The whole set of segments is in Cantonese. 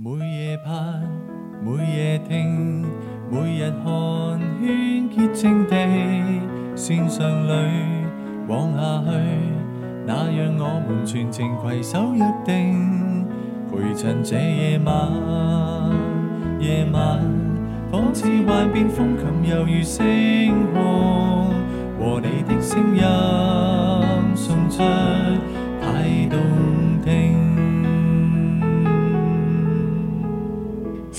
每夜盼，每夜聽，每日寒暄潔淨地，線上裏往下去，那讓我們全情携手約定，陪襯這夜晚。夜晚仿似幻變風琴，猶如星空，和你的聲音送出太動聽。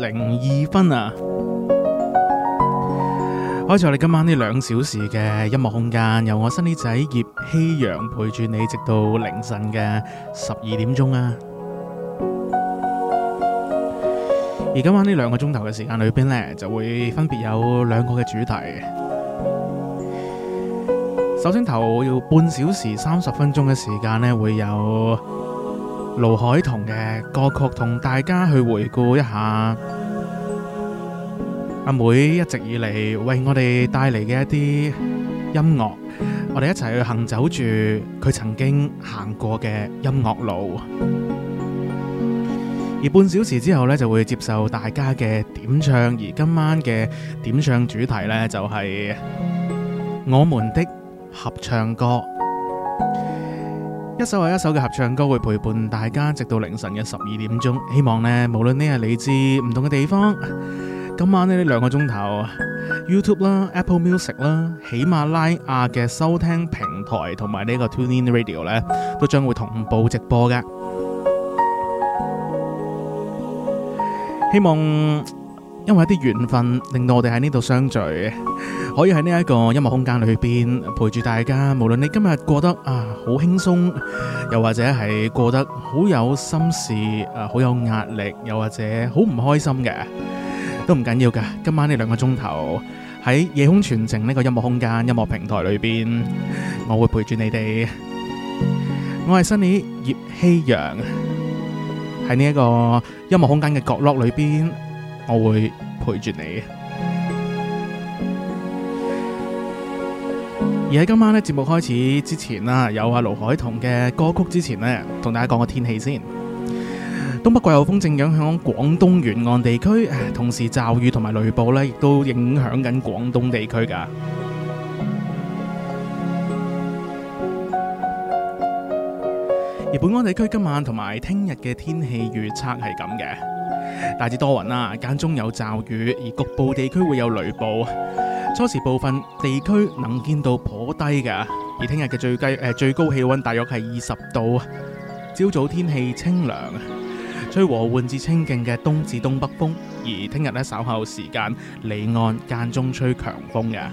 零二分啊，開始我哋今晚呢兩小時嘅音樂空間，由我 Sunny 仔葉希揚陪住你，直到凌晨嘅十二點鐘啊！而今晚呢兩個鐘頭嘅時間裏邊呢，就會分別有兩個嘅主題。首先頭要半小時三十分鐘嘅時間呢，會有盧凱彤嘅歌曲同大家去回顧一下。阿妹一直以嚟為我哋帶嚟嘅一啲音樂，我哋一齊去行走住佢曾經行過嘅音樂路。而半小時之後呢，就會接受大家嘅點唱。而今晚嘅點唱主題呢，就係我們的合唱歌。一首又一首嘅合唱歌會陪伴大家，直到凌晨嘅十二點鐘。希望呢，無論你係嚟自唔同嘅地方。今晚呢兩個鐘頭，YouTube 啦、Apple Music 啦、喜馬拉雅嘅收聽平台同埋呢個 Tune In Radio 呢，都將會同步直播嘅。希望因為一啲緣分，令到我哋喺呢度相聚，可以喺呢一個音樂空間裏邊陪住大家。無論你今日過得啊好輕鬆，又或者係過得好有心事啊，好有壓力，又或者好唔開心嘅。都唔緊要噶，今晚呢兩個鐘頭喺夜空傳承呢個音樂空間、音樂平台裏邊，我會陪住你哋。我係新 u n 葉希揚，喺呢一個音樂空間嘅角落裏邊，我會陪住你。而喺今晚咧，節目開始之前啦，啊，有阿，啊、盧海彤嘅歌曲之前咧，同大家講個天氣先。東北季候風正影響廣東沿岸地區，同時驟雨同埋雷暴咧，亦都影響緊廣東地區噶。而本港地區今晚同埋聽日嘅天氣預測係咁嘅，大致多雲啦、啊，間中有驟雨，而局部地區會有雷暴。初時部分地區能見度頗低噶，而聽日嘅最低誒、呃、最高氣溫大約係二十度。朝早天氣清涼。吹和緩至清勁嘅東至東北風，而聽日咧稍後時間，離岸間中吹強風嘅。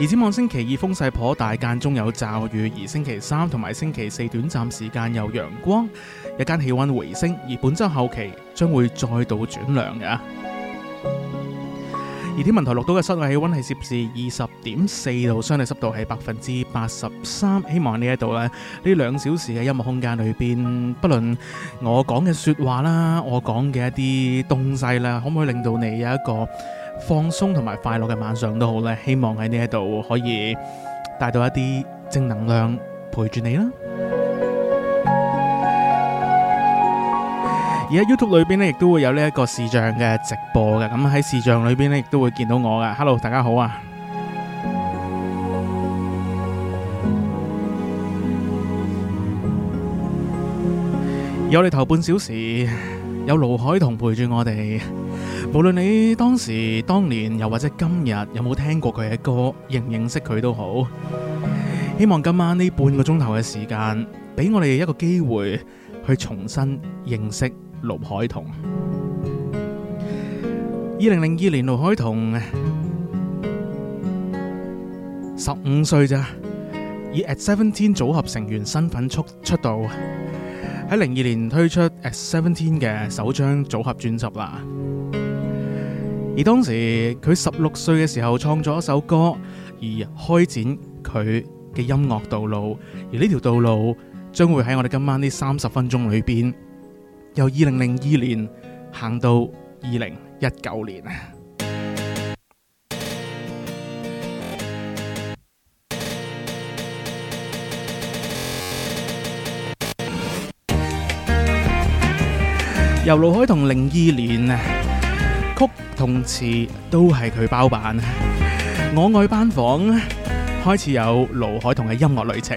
而展望星期二風勢頗大，間中有驟雨；而星期三同埋星期四短暫時間有陽光，日間氣溫回升。而本周後期將會再度轉涼嘅。而天文台錄到嘅室外氣溫係攝氏二十點四度，相對濕度係百分之八十三。希望呢一度呢，呢兩小時嘅音樂空間裏面，不論我講嘅說話啦，我講嘅一啲東西啦，可唔可以令到你有一個放鬆同埋快樂嘅晚上都好呢？希望喺呢一度可以帶到一啲正能量陪住你啦。而喺 YouTube 裏邊咧，亦都會有呢一個視像嘅直播嘅。咁喺視像裏邊咧，亦都會見到我噶。Hello，大家好啊！有你哋頭半小時有盧凱彤陪住我哋，無論你當時、當年又或者今日有冇聽過佢嘅歌，認唔認識佢都好。希望今晚呢半個鐘頭嘅時間，俾我哋一個機會去重新認識。盧凱彤，二零零二年，盧凱彤十五歲啫，以 At Seventeen 組合成員身份出出道，喺零二年推出 At Seventeen 嘅首張組合專輯啦。而當時佢十六歲嘅時候創作一首歌，而開展佢嘅音樂道路。而呢條道路將會喺我哋今晚呢三十分鐘裏邊。由二零零二年行到二零一九年啊，由盧凱彤零二年啊，曲同詞都係佢包辦。我愛班房開始有盧凱彤嘅音樂旅程。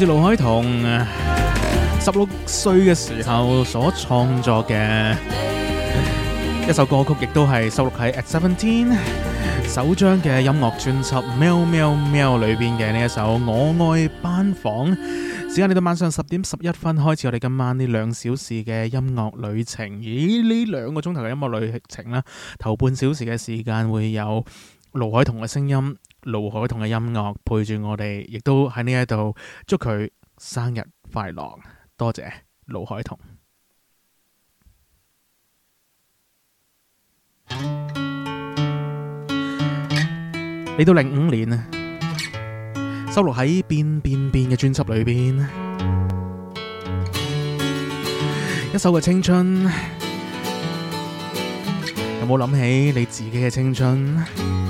是盧海彤十六歲嘅時候所創作嘅一首歌曲，亦都係收錄喺《At Seventeen》首張嘅音樂專輯《喵喵喵》裏邊嘅呢一首《我愛班房》。時間嚟到晚上十點十一分開始，我哋今晚呢兩小時嘅音樂旅程。咦，呢兩個鐘頭嘅音樂旅程啦，頭半小時嘅時間會有盧海彤嘅聲音。盧凱彤嘅音樂陪住我哋，亦都喺呢一度祝佢生日快樂。多謝盧凱彤，嚟到零五年啊，收錄喺《變變變》嘅專輯裏邊，一首嘅青春，有冇諗起你自己嘅青春？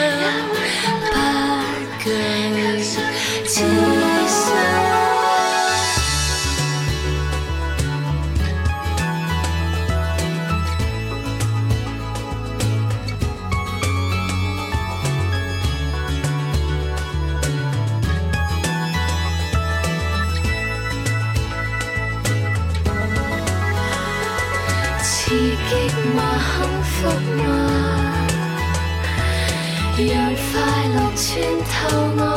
讓快樂穿透我。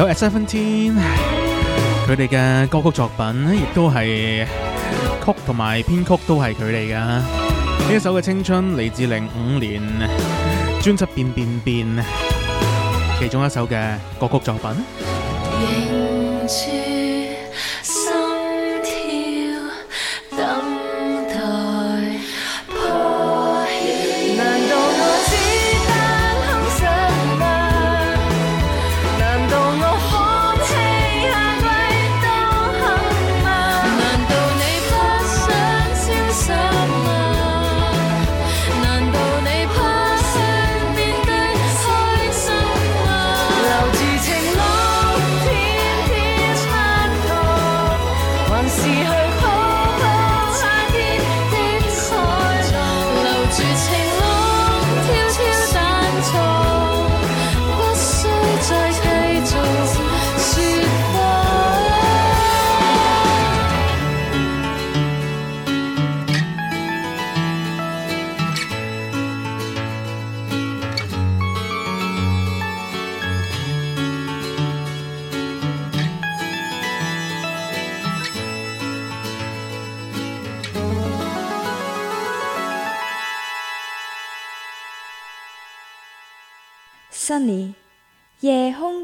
有 At Seventeen，佢哋嘅歌曲作品咧，亦都係曲同埋編曲都係佢哋嘅。呢首嘅青春嚟自零五年專輯《變變變》其中一首嘅歌曲作品。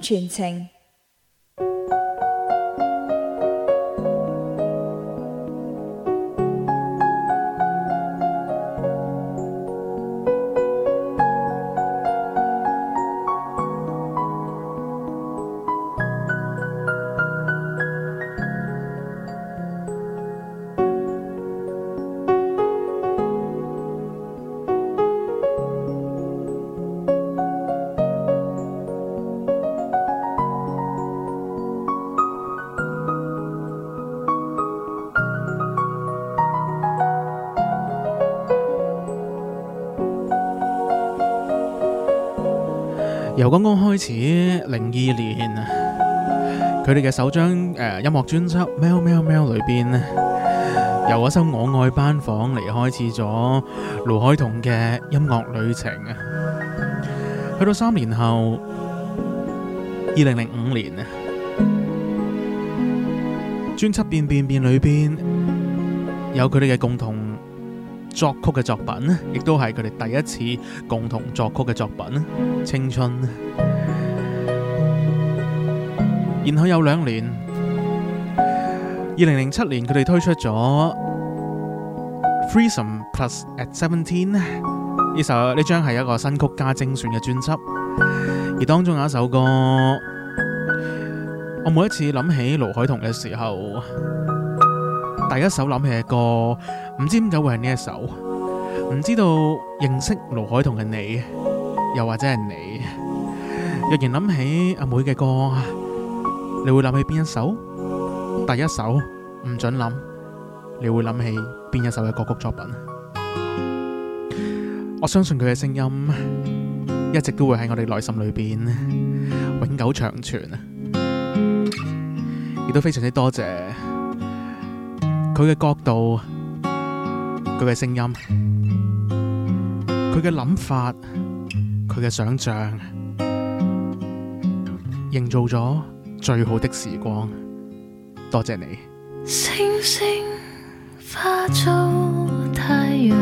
全程。由剛剛開始零二年啊，佢哋嘅首張誒音樂專輯《喵喵喵》裏邊咧，由一首《我愛班房》嚟開始咗盧凱彤嘅音樂旅程啊。去到三年後，二零零五年啊，專輯《變變變》裏邊有佢哋嘅共同。作曲嘅作品，亦都係佢哋第一次共同作曲嘅作品《青春》。然後有兩年，二零零七年佢哋推出咗《Threesome Plus at Seventeen》呢首，呢張係一個新曲加精選嘅專輯，而當中有一首歌，我每一次諗起盧凱彤嘅時候。第一首諗起嘅歌，唔知點解會係呢一首，唔知道認識盧凱彤嘅你，又或者係你，若然諗起阿妹嘅歌，你會諗起邊一首？第一首唔准諗，你會諗起邊一首嘅歌曲作品？我相信佢嘅聲音，一直都會喺我哋內心裏邊永久長存啊！亦都非常之多謝。佢嘅角度，佢嘅聲音，佢嘅諗法，佢嘅想像，營造咗最好的時光。多謝你。星星化做太陽，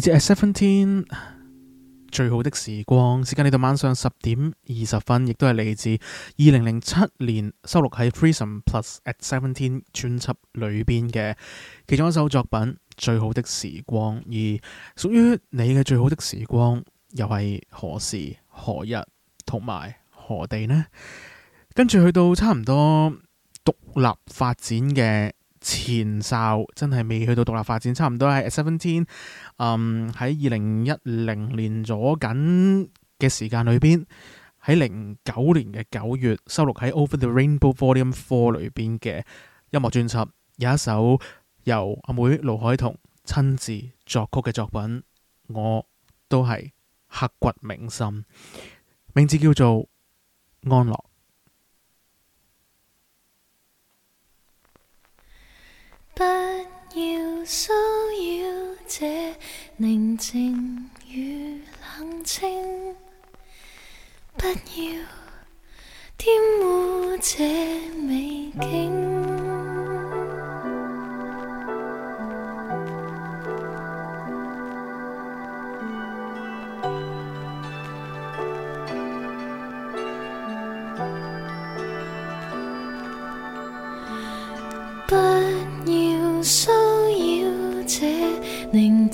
來自 At Seventeen 最好的時光，時間嚟到晚上十點二十分，亦都係嚟自二零零七年收錄喺 Free Some Plus At Seventeen 專輯裏邊嘅其中一首作品《最好的時光》。而屬於你嘅最好的時光，又係何時何日同埋何地呢？跟住去到差唔多獨立發展嘅。前哨真係未去到獨立發展，差唔多喺 Seventeen，嗯喺二零一零年左緊嘅時間裏邊，喺零九年嘅九月，收錄喺 Over the Rainbow Volume Four 裏邊嘅音樂專輯，有一首由阿妹盧凱彤親自作曲嘅作品，我都係刻骨銘心，名字叫做安樂。不要騷擾這寧靜與冷清，不要玷污這美景。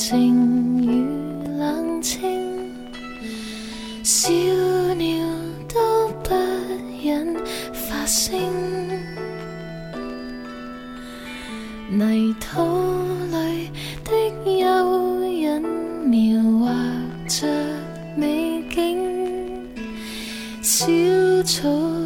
晴雨冷清，小鳥都不忍發聲。泥土裏的蚯蚓描畫着美景，小草。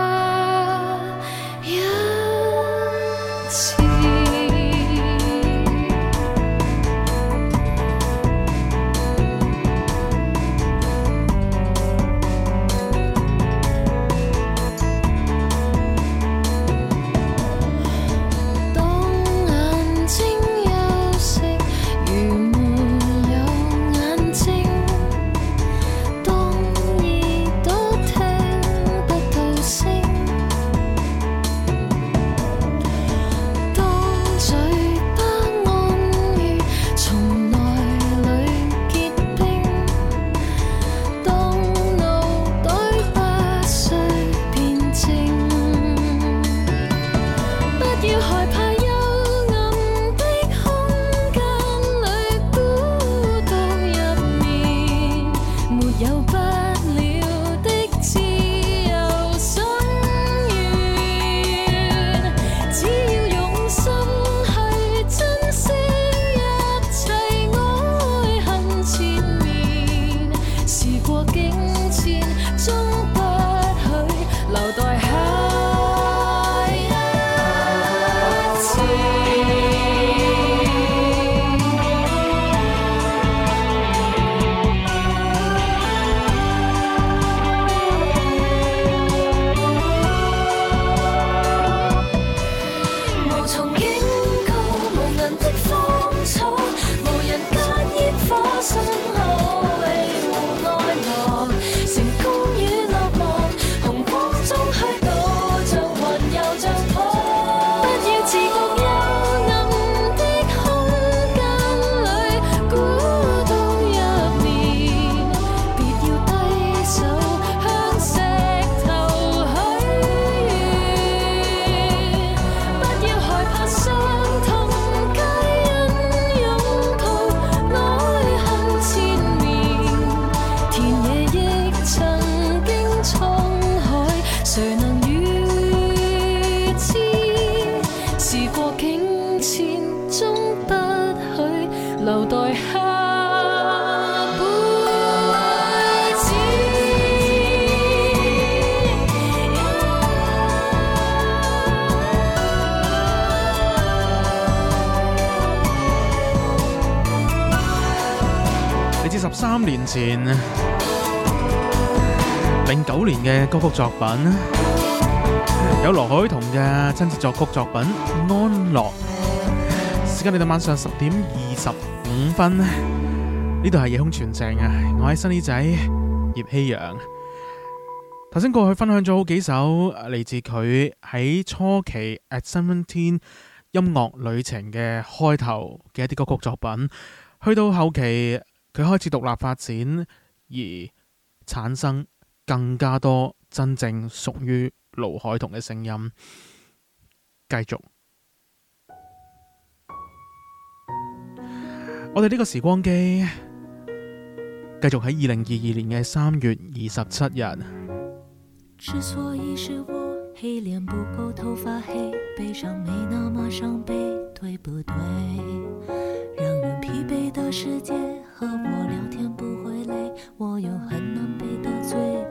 曲作品有盧凱彤嘅親切作曲作品《安樂》。時間嚟到晚上十點二十五分，呢度係夜空傳情啊！我係 Sunny 仔葉希揚。頭先過去分享咗好幾首嚟自佢喺初期《At Seventeen》音樂旅程嘅開頭嘅一啲歌曲，曲作品，去到後期佢開始獨立發展而產生更加多。真正屬於盧凱彤嘅聲音，繼續。我哋呢個時光機繼續喺二零二二年嘅三月二十七日，之所以是我。黑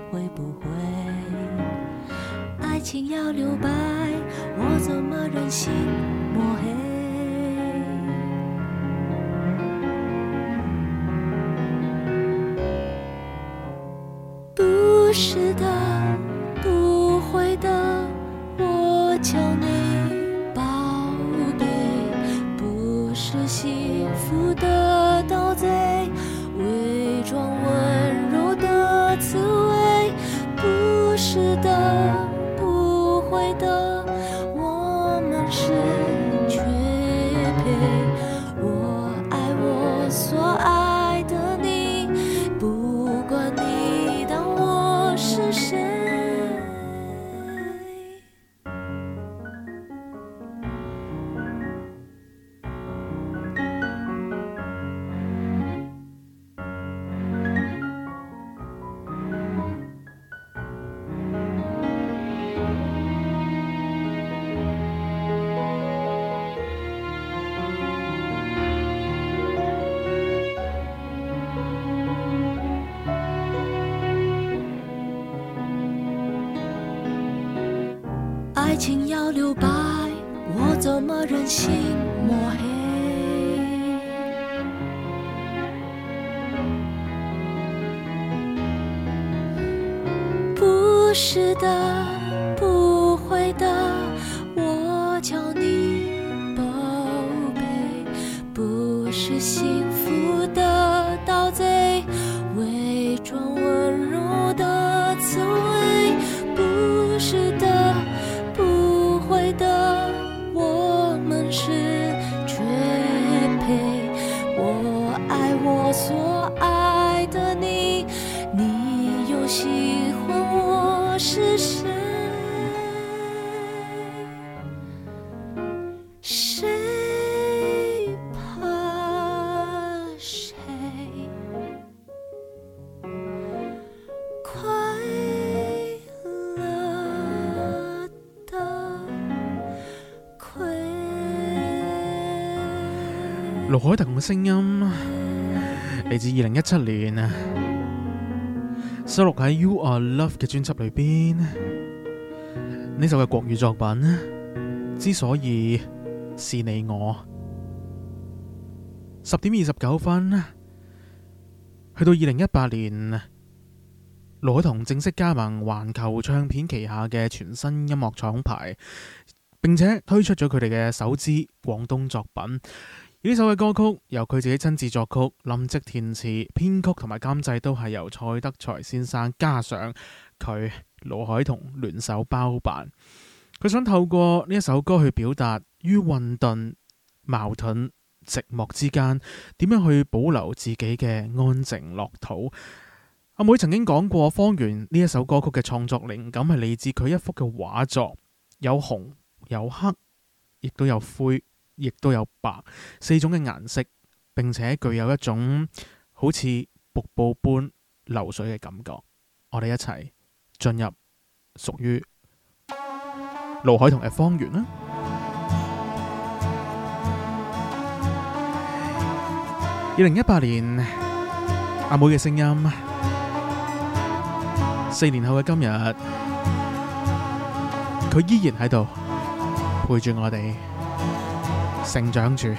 情要留白，我怎麼忍心抹黑？人心。聲音嚟自二零一七年啊，收錄喺《You Are Love》嘅專輯裏邊呢首嘅國語作品，之所以是你我。十點二十九分，去到二零一八年，盧凱彤正式加盟環球唱片旗下嘅全新音樂廠牌，並且推出咗佢哋嘅首支廣東作品。呢首嘅歌曲由佢自己親自作曲、林夕填詞、編曲同埋監製都係由蔡德才先生加上佢盧凱彤聯手包辦。佢想透過呢一首歌去表達於混沌、矛盾、寂寞之間，點樣去保留自己嘅安靜樂土。阿妹曾經講過，《方圓》呢一首歌曲嘅創作靈感係嚟自佢一幅嘅畫作，有紅、有黑，亦都有灰。亦都有白四種嘅顏色，並且具有一種好似瀑布般流水嘅感覺。我哋一齊進入屬於盧凱彤嘅方圓啦！二零一八年阿妹嘅聲音，四年後嘅今日，佢依然喺度陪住我哋。成長住。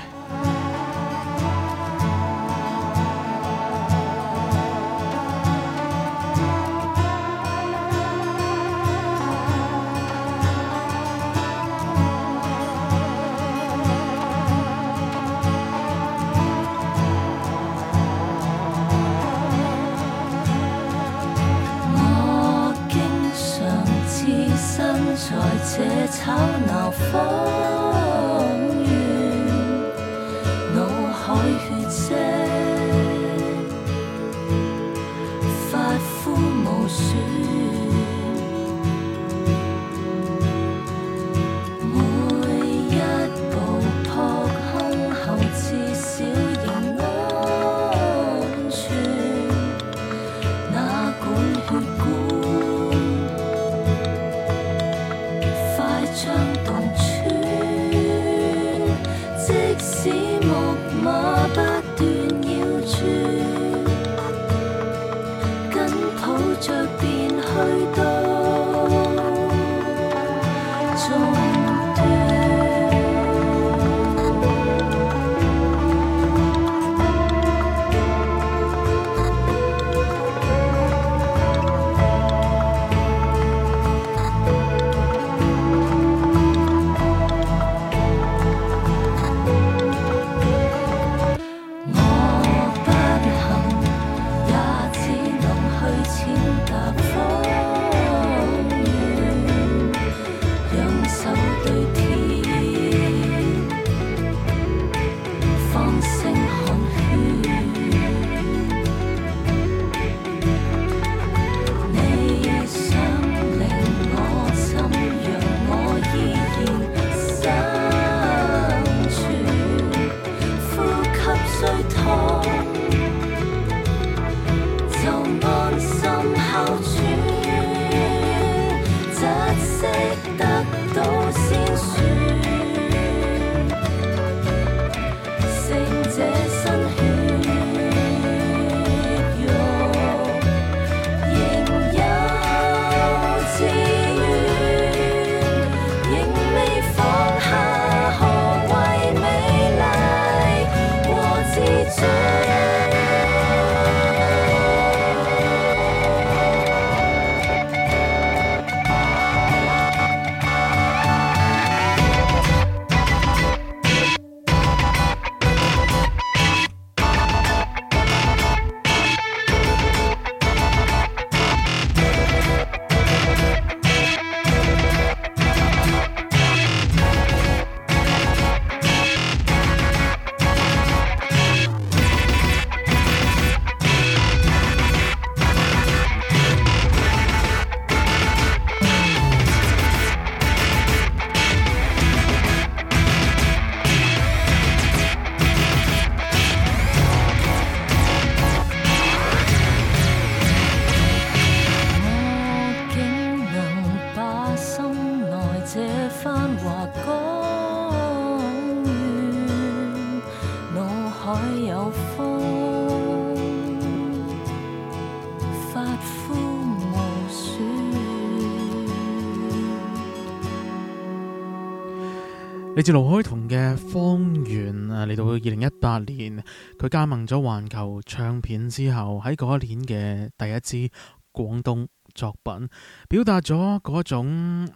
自盧凱彤嘅《方圓》啊，嚟到二零一八年，佢加盟咗環球唱片之後，喺嗰一年嘅第一支廣東作品，表達咗嗰一種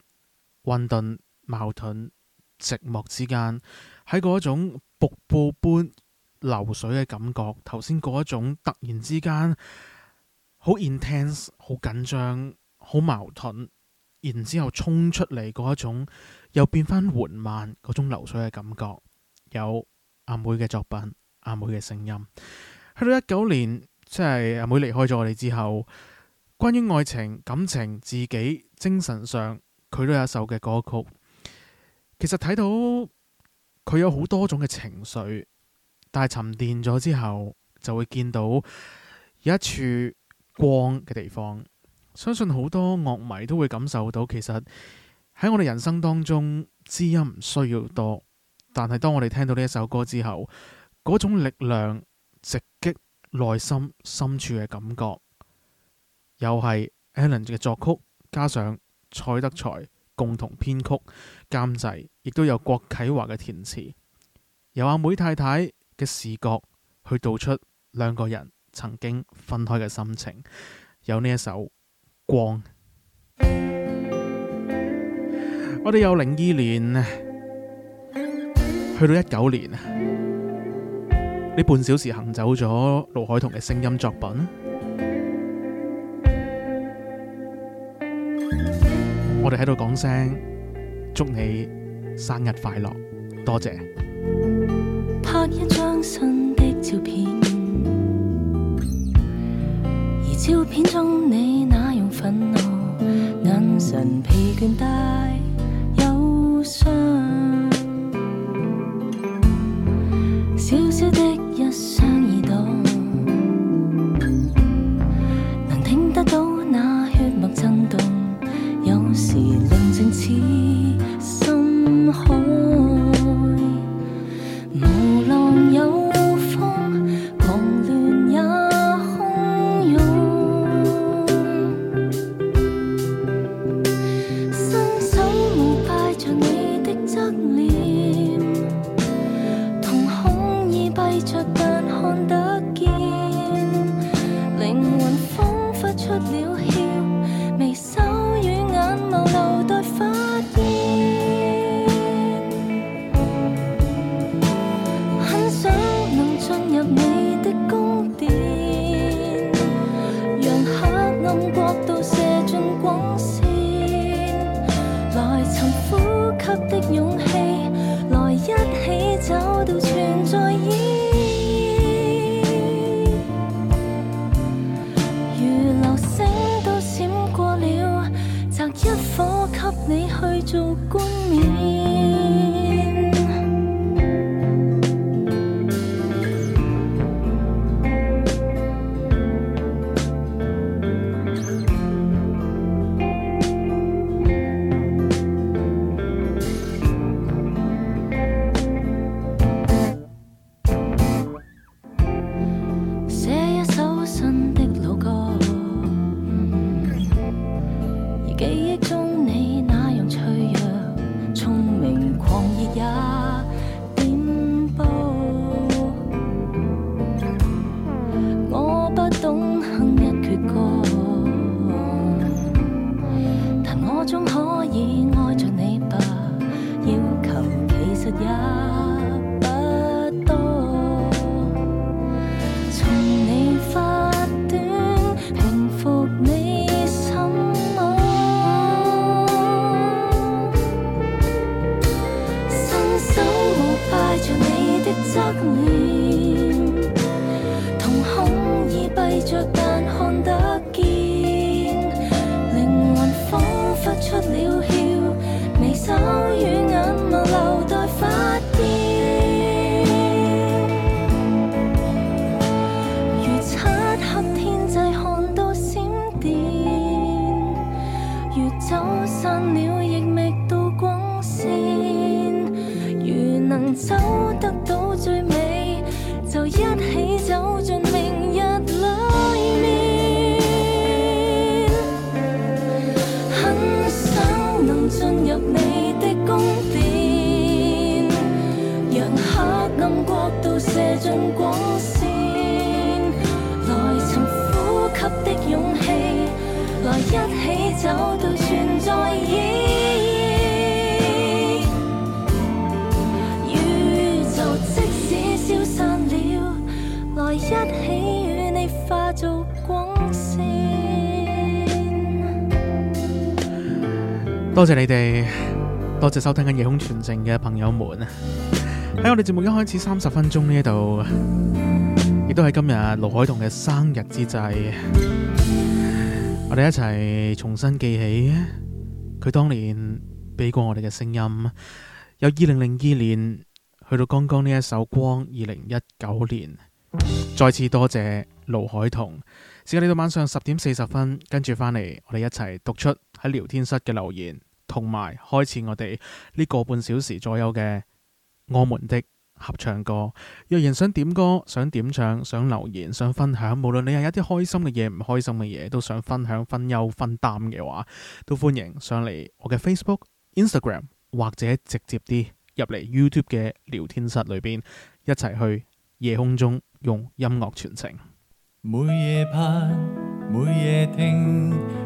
混沌、矛盾、寂寞之間，喺嗰一種瀑布般流水嘅感覺。頭先嗰一種突然之間好 intense、好緊張、好矛盾，然之後衝出嚟嗰一種。又變翻緩慢嗰種流水嘅感覺，有阿妹嘅作品、阿妹嘅聲音，去到一九年，即係阿妹離開咗我哋之後，關於愛情、感情、自己、精神上，佢都有一首嘅歌曲。其實睇到佢有好多種嘅情緒，但係沉澱咗之後，就會見到有一處光嘅地方。相信好多樂迷都會感受到，其實。喺我哋人生當中，知音唔需要多，但係當我哋聽到呢一首歌之後，嗰種力量直擊內心深處嘅感覺，又係 Ellen 嘅作曲，加上蔡德才共同編曲監製，亦都有郭啟華嘅填詞，由阿妹太太嘅視覺去道出兩個人曾經分開嘅心情，有呢一首光。我哋有零二年，去到一九年，呢半小時行走咗盧凱彤嘅聲音作品。我哋喺度講聲祝你生日快樂，多謝。拍一張新的照片，而照片中你那樣憤怒眼神疲倦帶。小小的。多謝你哋，多謝收聽《夜空傳情》嘅朋友們。喺我哋節目一開始三十分鐘呢度，亦都係今日盧凱彤嘅生日之際，我哋一齊重新記起佢當年俾過我哋嘅聲音，由二零零二年去到剛剛呢一首《光》，二零一九年再次多謝盧凱彤。時間嚟到晚上十點四十分，跟住翻嚟，我哋一齊讀出喺聊天室嘅留言。同埋開始，我哋呢個半小時左右嘅我們的合唱歌。若然想點歌、想點唱、想留言、想分享，無論你有一啲開心嘅嘢、唔開心嘅嘢，都想分享、分憂、分擔嘅話，都歡迎上嚟我嘅 Facebook、Instagram，或者直接啲入嚟 YouTube 嘅聊天室裏邊，一齊去夜空中用音樂傳情。每夜拍，每夜聽。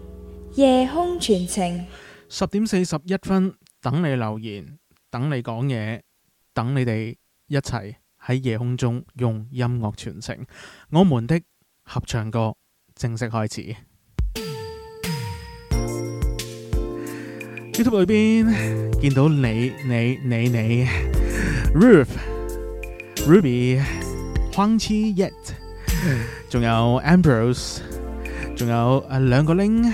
夜空傳情，十點四十一分，等你留言，等你講嘢，等你哋一齊喺夜空中用音樂傳情。我們的合唱歌正式開始。YouTube 裏邊見到你，你，你，你，Roof，Ruby，匡癡 Yet，仲有 Ambrose，仲有啊兩個 ling。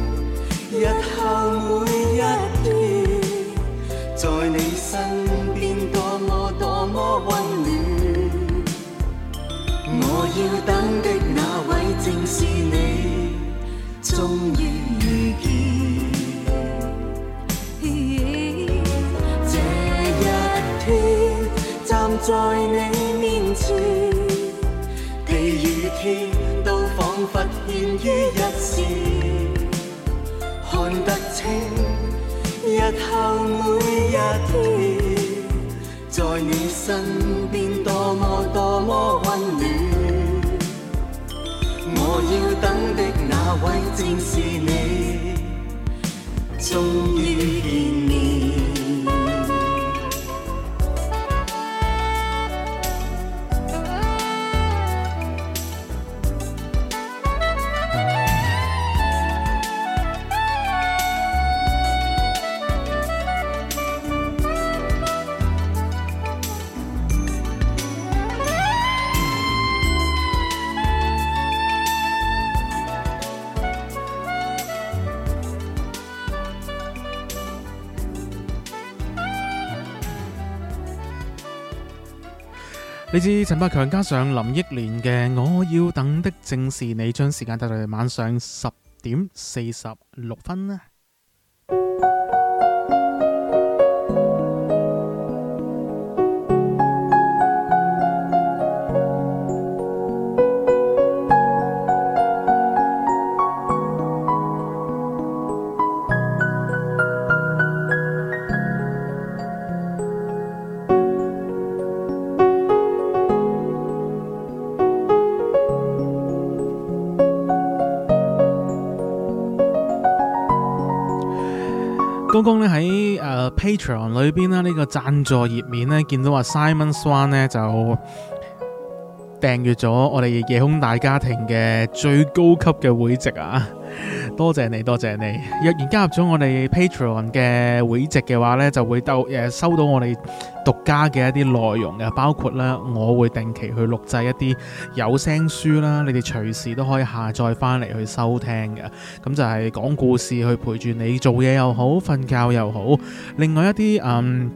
日後每一天，在你身邊。身邊多麼多麼。你知陳百強加上林憶蓮嘅《我要等的正是你》，將時間帶到晚上十點四十六分。剛剛咧喺 Patreon 裏邊啦，呢個贊助頁面呢，見到話 Simon Swan 呢，就訂閱咗我哋夜空大家庭嘅最高級嘅會籍啊！多謝你，多謝你！若然加入咗我哋 Patreon 嘅會籍嘅話呢就會收到我哋獨家嘅一啲內容嘅，包括咧，我會定期去錄製一啲有聲書啦，你哋隨時都可以下載翻嚟去收聽嘅。咁就係講故事去陪住你做嘢又好，瞓覺又好。另外一啲嗯、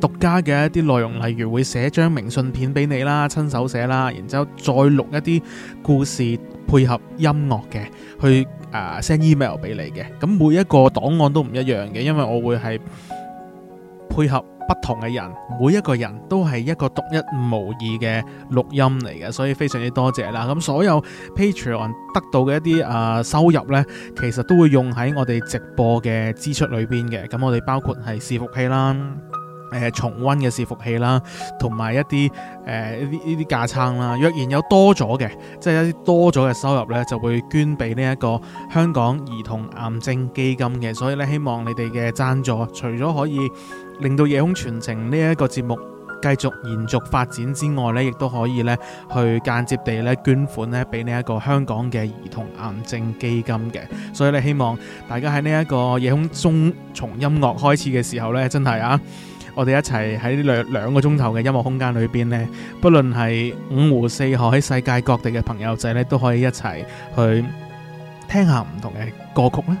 獨家嘅一啲內容，例如會寫張明信片俾你啦，親手寫啦，然之後再錄一啲故事配合音樂嘅去。啊、uh，send email 俾你嘅。咁每一個檔案都唔一樣嘅，因為我會係配合不同嘅人，每一個人都係一個獨一無二嘅錄音嚟嘅，所以非常之多謝啦。咁所有 Patreon 得到嘅一啲啊、uh、收入呢，其實都會用喺我哋直播嘅支出裏邊嘅，咁我哋包括係伺服器啦。誒、呃、重溫嘅伺服器啦，同埋一啲誒呢啲呢啲架撐啦。若然有多咗嘅，即係一啲多咗嘅收入呢，就會捐俾呢一個香港兒童癌症基金嘅。所以呢，希望你哋嘅贊助除咗可以令到夜空傳情呢一個節目繼續延續發展之外呢，亦都可以呢去間接地呢捐款呢俾呢一個香港嘅兒童癌症基金嘅。所以呢，希望大家喺呢一個夜空中從音樂開始嘅時候呢，真係啊～我哋一齊喺兩兩個鐘頭嘅音樂空間裏邊呢，不論係五湖四海喺世界各地嘅朋友仔呢，都可以一齊去聽下唔同嘅歌曲咧。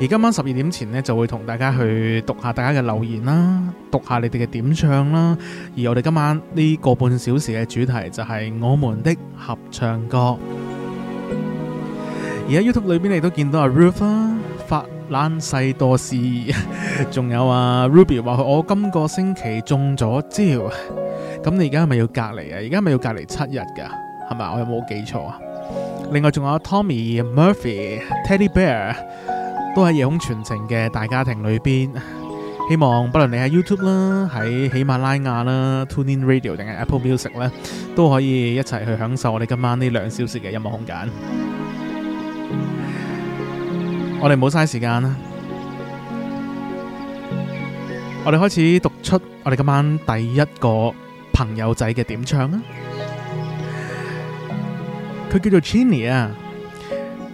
而今晚十二點前呢，就會同大家去讀下大家嘅留言啦，讀下你哋嘅點唱啦。而我哋今晚呢個半小時嘅主題就係我們的合唱歌。而喺 YouTube 裏邊，你都見到阿 Ruth 啦。蘭西多斯，仲有啊 Ruby 話我今個星期中咗招，咁你而家係咪要隔離啊？而家係咪要隔離七日噶，係咪？我有冇記錯啊？另外仲有 Tommy Murphy、Teddy Bear 都喺《夜空傳情》嘅大家庭裏邊，希望不論你喺 YouTube 啦，喺喜馬拉雅啦，TuneIn Radio 定係 Apple Music 咧，都可以一齊去享受我哋今晚呢兩小時嘅音樂空間。我哋冇嘥時間啦，我哋開始讀出我哋今晚第一個朋友仔嘅點唱啦。佢叫做 Chenya 啊。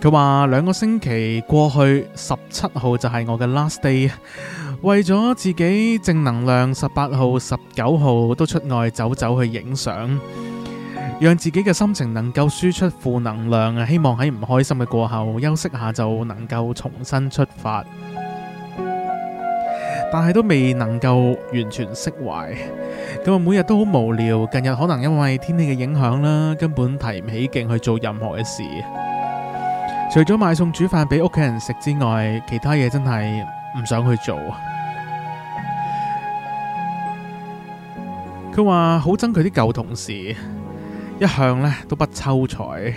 佢話兩個星期過去，十七號就係我嘅 last day，為咗自己正能量18，十八號、十九號都出外走走去影相。讓自己嘅心情能夠輸出負能量，希望喺唔開心嘅過後休息下就能夠重新出發。但係都未能夠完全釋懷，咁啊每日都好無聊。近日可能因為天氣嘅影響啦，根本提唔起勁去做任何嘅事。除咗買餸煮飯俾屋企人食之外，其他嘢真係唔想去做。佢話好憎佢啲舊同事。一向呢都不抽彩，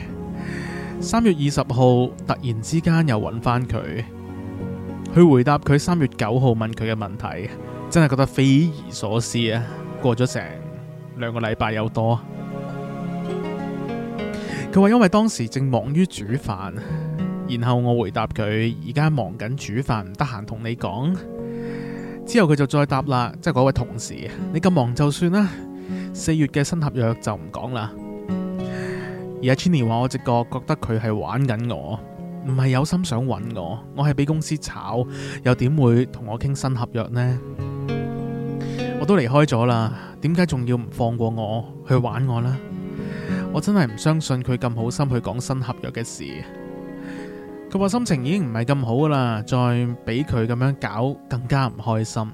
三月二十號突然之間又揾返佢，去回答佢三月九號問佢嘅問題，真係覺得匪夷所思啊！過咗成兩個禮拜有多，佢話因為當時正忙於煮飯，然後我回答佢而家忙緊煮飯唔得閒同你講，之後佢就再答啦，即係嗰位同事，你咁忙就算啦，四月嘅新合約就唔講啦。而阿 Chunny 話我直覺覺得佢係玩緊我，唔係有心想搵我，我係俾公司炒，又點會同我傾新合約呢？我都離開咗啦，點解仲要唔放過我去玩我呢？我真係唔相信佢咁好心去講新合約嘅事。佢話心情已經唔係咁好啦，再俾佢咁樣搞，更加唔開心。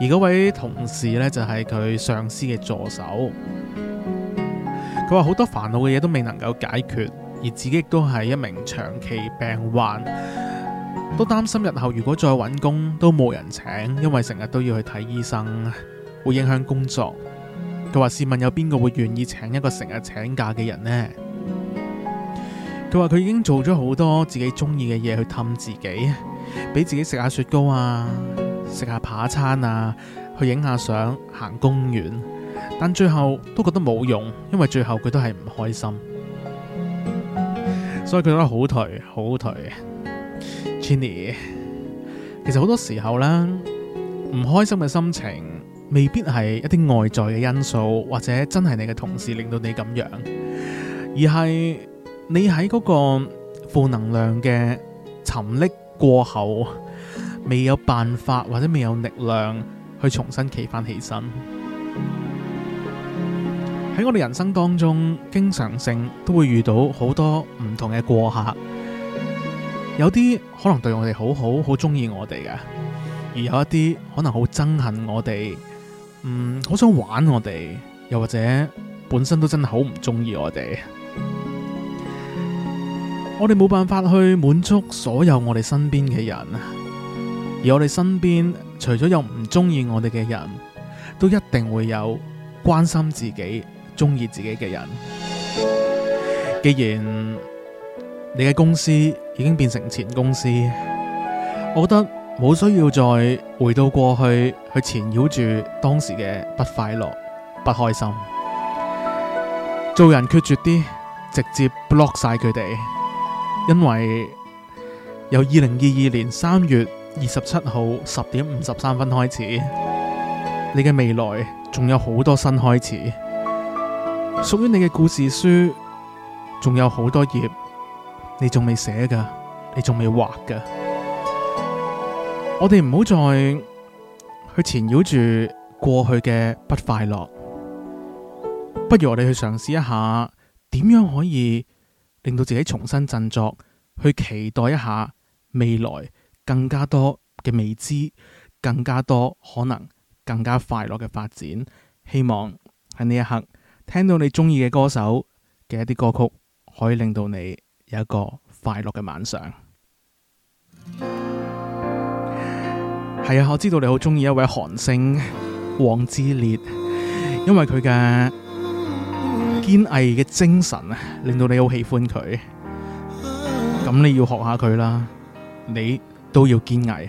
而嗰位同事呢，就係佢上司嘅助手。佢話好多煩惱嘅嘢都未能夠解決，而自己亦都係一名長期病患，都擔心日後如果再搵工都冇人請，因為成日都要去睇醫生，會影響工作。佢話試問有邊個會願意請一個成日請假嘅人呢？佢話佢已經做咗好多自己中意嘅嘢去氹自己，俾自己食下雪糕啊，食下扒餐啊，去影下相，行公園。但最後都覺得冇用，因為最後佢都係唔開心，所以佢覺得好頹好頹。Chinny，其實好多時候咧，唔開心嘅心情未必係一啲外在嘅因素，或者真係你嘅同事令到你咁樣，而係你喺嗰個負能量嘅沉溺過後，未有辦法或者未有力量去重新企翻起身。喺我哋人生當中，經常性都會遇到好多唔同嘅過客，有啲可能對我哋好好，好中意我哋嘅；而有一啲可能好憎恨我哋，嗯，好想玩我哋，又或者本身都真係好唔中意我哋。我哋冇辦法去滿足所有我哋身邊嘅人，而我哋身邊除咗有唔中意我哋嘅人，都一定會有關心自己。中意自己嘅人，既然你嘅公司已經變成前公司，我覺得冇需要再回到過去去纏繞住當時嘅不快樂、不開心。做人決絕啲，直接 block 晒佢哋。因為由二零二二年三月二十七號十點五十三分開始，你嘅未來仲有好多新開始。屬於你嘅故事書，仲有好多頁，你仲未寫㗎，你仲未畫㗎。我哋唔好再去纏繞住過去嘅不快樂，不如我哋去嘗試一下，點樣可以令到自己重新振作，去期待一下未來更加多嘅未知，更加多可能，更加快樂嘅發展。希望喺呢一刻。聽到你中意嘅歌手嘅一啲歌曲，可以令到你有一個快樂嘅晚上。係 啊，我知道你好中意一位韓星黃致列，因為佢嘅堅毅嘅精神啊，令到你好喜歡佢。咁你要學下佢啦，你都要堅毅。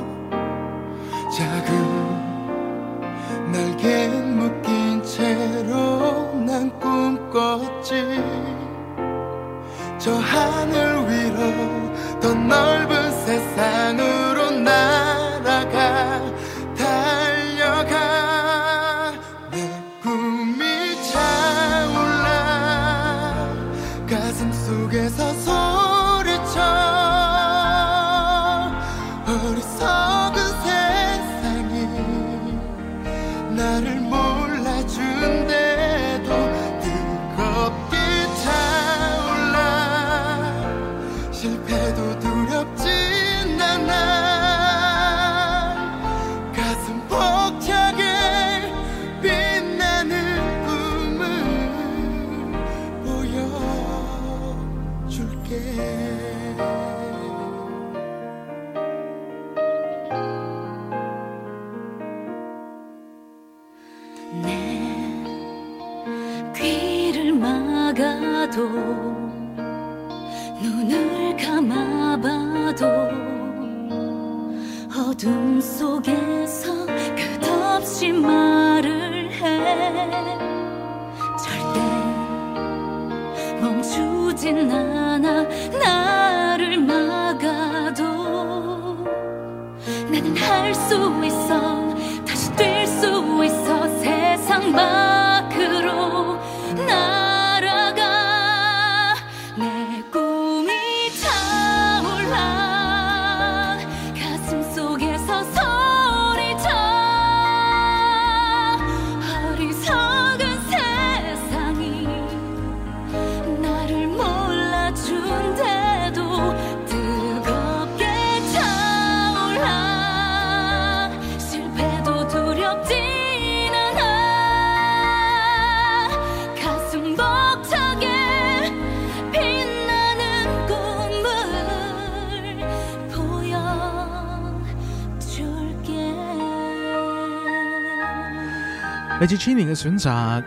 千年嘅選擇，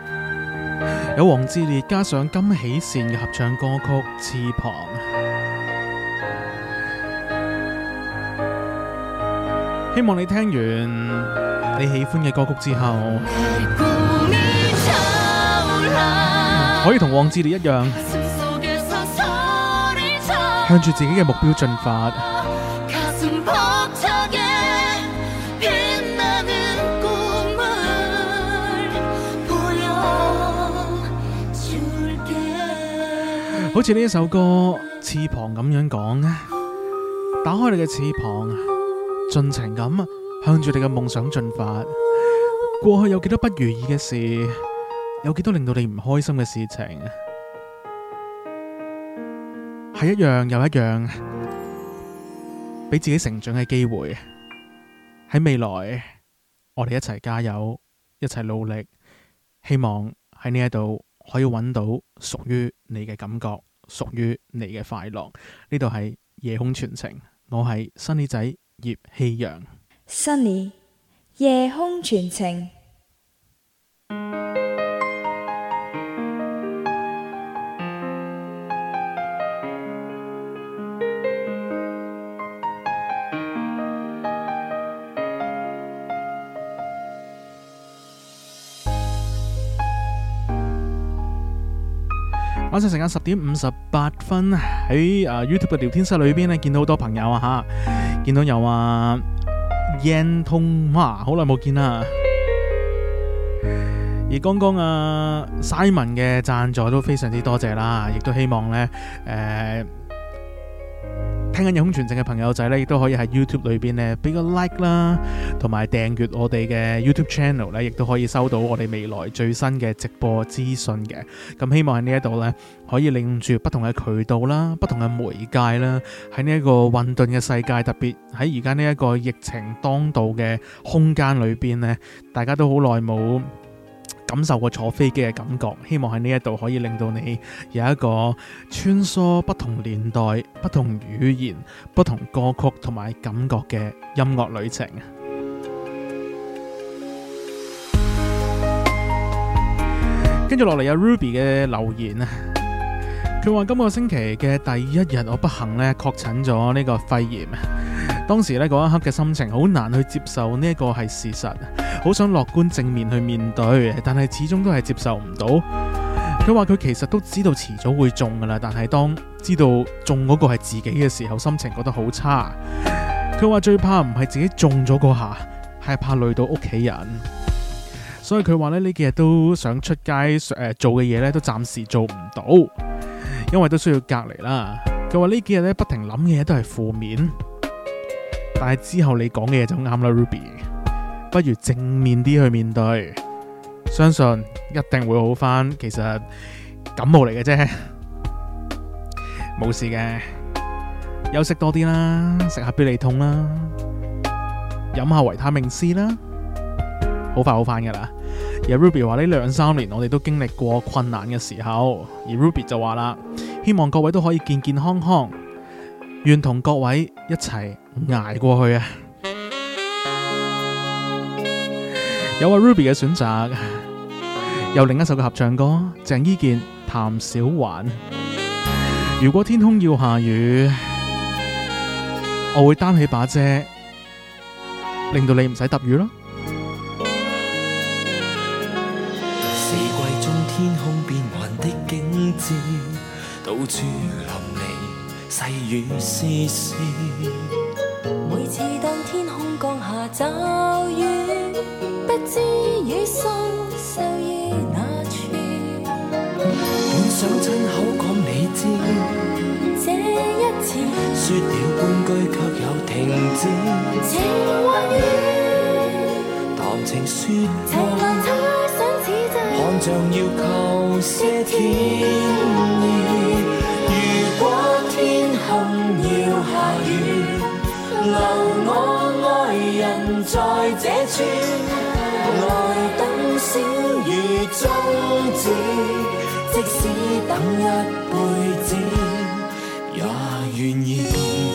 有黃致列加上金喜善嘅合唱歌曲《翅膀》。希望你聽完你喜歡嘅歌曲之後，嗯、可以同黃致列一樣，向住自己嘅目標進發。好似呢一首歌《翅膀》咁樣講，打開你嘅翅膀，盡情咁向住你嘅夢想進發。過去有幾多不如意嘅事，有幾多令到你唔開心嘅事情，係一樣又一樣，俾自己成長嘅機會。喺未來，我哋一齊加油，一齊努力，希望喺呢一度，可以揾到屬於你嘅感覺，屬於你嘅快樂。呢度係夜空傳情，我係 Sunny 仔葉希揚。Sunny 夜空傳情。晚上時間十點五十八分喺，誒 YouTube 嘅聊天室裏邊呢，見到好多朋友啊吓，見到有啊 Yan 通哇，好耐冇見啦。而剛剛啊 Simon 嘅贊助都非常之多謝啦，亦都希望呢。誒、啊。聽緊《夜空傳情》嘅朋友仔咧，亦都可以喺 YouTube 裏邊咧俾個 like 啦，同埋訂閱我哋嘅 YouTube Channel 咧，亦都可以收到我哋未來最新嘅直播資訊嘅。咁希望喺呢一度咧，可以利用住不同嘅渠道啦，不同嘅媒介啦，喺呢一個混沌嘅世界，特別喺而家呢一個疫情當道嘅空間裏邊咧，大家都好耐冇。感受過坐飛機嘅感覺，希望喺呢一度可以令到你有一個穿梭不同年代、不同語言、不同歌曲同埋感覺嘅音樂旅程。跟住落嚟有 Ruby 嘅留言啊。佢話今個星期嘅第一日，我不幸咧確診咗呢個肺炎。當時咧嗰一刻嘅心情好難去接受呢一個係事實，好想樂觀正面去面對，但係始終都係接受唔到。佢話佢其實都知道遲早會中噶啦，但係當知道中嗰個係自己嘅時候，心情覺得好差。佢話最怕唔係自己中咗嗰下，係怕累到屋企人。所以佢話咧呢幾日都想出街誒、呃、做嘅嘢咧都暫時做唔到。因為都需要隔離啦。佢話呢幾日咧不停諗嘅嘢都係負面，但係之後你講嘅嘢就啱啦，Ruby。不如正面啲去面對，相信一定會好返。其實感冒嚟嘅啫，冇事嘅，休息多啲啦，食下必理痛啦，飲下維他命 C 啦，好快好返噶啦。而 Ruby 話呢兩三年我哋都經歷過困難嘅時候，而 Ruby 就話啦，希望各位都可以健健康康，願同各位一齊捱過去啊！有位 Ruby 嘅選擇，有另一首嘅合唱歌，鄭伊健、譚小環。如果天空要下雨，我會擔起把遮，令到你唔使揼雨咯。天空變幻的景致，到處淋漓，細雨絲絲。每次當天空降下驟雨，不知雨傘收於哪處。本想親口講你知，這一次說了半句卻又停止。情或雨，談情說愛。像要求些天意，如果天肯要下雨，留我愛人在這處，來等小雨終止，即使等一輩子，也願意。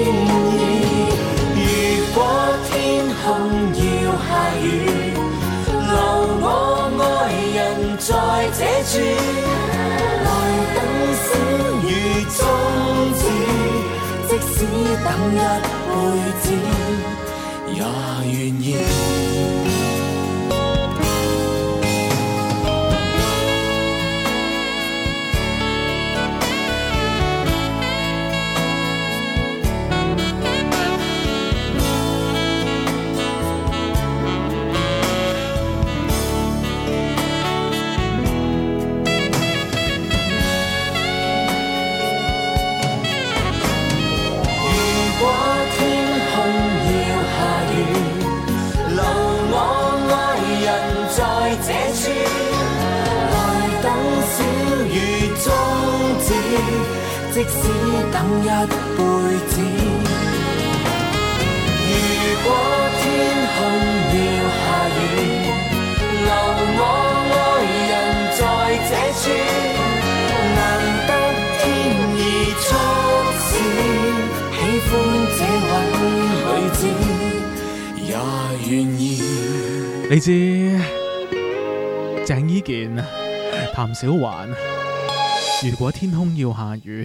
這處，來等小雨終止，即使等一輩子，也願意。即使等一輩子，如果天空要下雨，留我愛人在這處，難得天意錯施，喜歡這位女子，也願意。你知鄭伊健、譚小環。如果天空要下雨，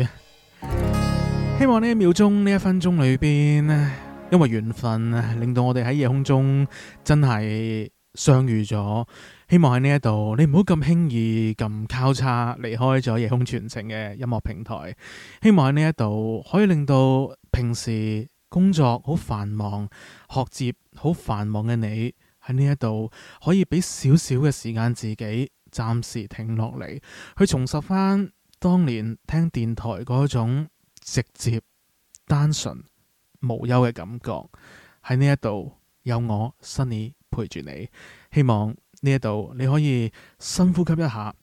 希望呢一秒鐘、呢一分鐘裏邊，因為緣分令到我哋喺夜空中真係相遇咗。希望喺呢一度，你唔好咁輕易咁交叉離開咗夜空全程嘅音樂平台。希望喺呢一度，可以令到平時工作好繁忙、學習好繁忙嘅你，喺呢一度可以俾少少嘅時間自己，暫時停落嚟去重拾翻。當年聽電台嗰種直接、單純、無憂嘅感覺，喺呢一度有我、Sunny 陪住你，希望呢一度你可以深呼吸一下，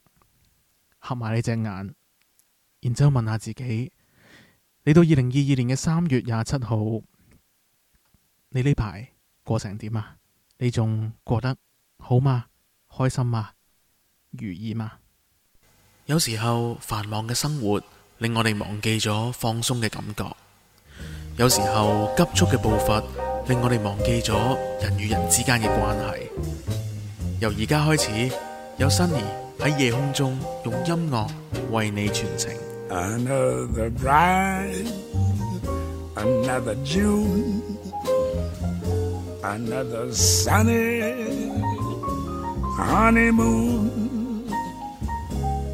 合埋你隻眼，然之後問一下自己：你到二零二二年嘅三月廿七號，你呢排過成點啊？你仲過得好嗎？開心嗎？如意嗎？有時候繁忙嘅生活令我哋忘記咗放鬆嘅感覺，有時候急促嘅步伐令我哋忘記咗人與人之間嘅關係。由而家開始，有 Sunny 喺夜空中用音樂為你傳情。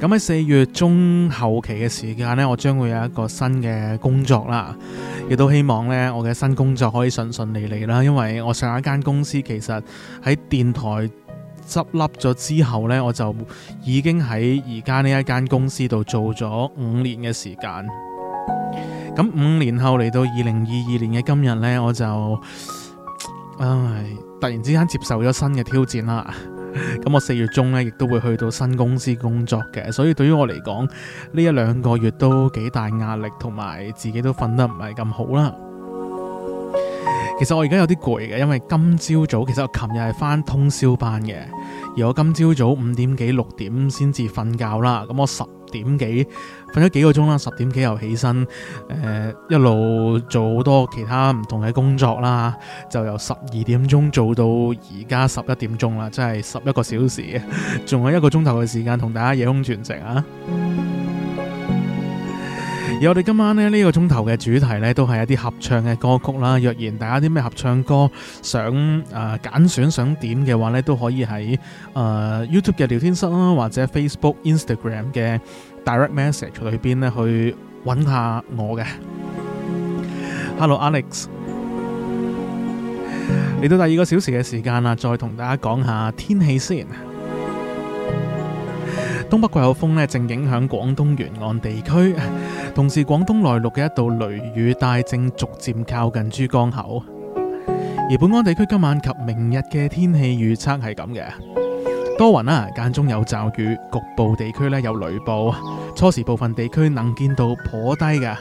咁喺四月中後期嘅時間呢，我將會有一個新嘅工作啦，亦都希望呢，我嘅新工作可以順順利利啦。因為我上一間公司其實喺電台執笠咗之後呢，我就已經喺而家呢一間公司度做咗五年嘅時間。咁五年後嚟到二零二二年嘅今日呢，我就唉突然之間接受咗新嘅挑戰啦。咁我四月中咧，亦都會去到新公司工作嘅，所以對於我嚟講，呢一兩個月都幾大壓力，同埋自己都瞓得唔係咁好啦。其實我而家有啲攰嘅，因為今朝早，早其實我琴日係返通宵班嘅，而我今朝早五點幾六點先至瞓覺啦，咁我十點幾。瞓咗幾個鐘啦，十點幾又起身、呃，一路做好多其他唔同嘅工作啦，就由十二點鐘做到而家十一點鐘啦，即係十一個小時，仲有一個鐘頭嘅時間同大家夜空傳情啊！ 而我哋今晚呢呢、呢個鐘頭嘅主題呢，都係一啲合唱嘅歌曲啦。若然大家啲咩合唱歌想、呃、揀選想點嘅話呢，都可以喺、呃、YouTube 嘅聊天室啦，或者 Facebook、Instagram 嘅。Direct message 裏面去邊咧？去搵下我嘅。Hello，Alex，嚟到第二個小時嘅時間啦，再同大家講下天氣先。東北季候風咧正影響廣東沿岸地區，同時廣東內陸嘅一道雷雨帶正逐漸靠近珠江口。而本港地區今晚及明日嘅天氣預測係咁嘅。多雲啦、啊，間中有驟雨，局部地區咧有雷暴。初時部分地區能見度頗低嘅。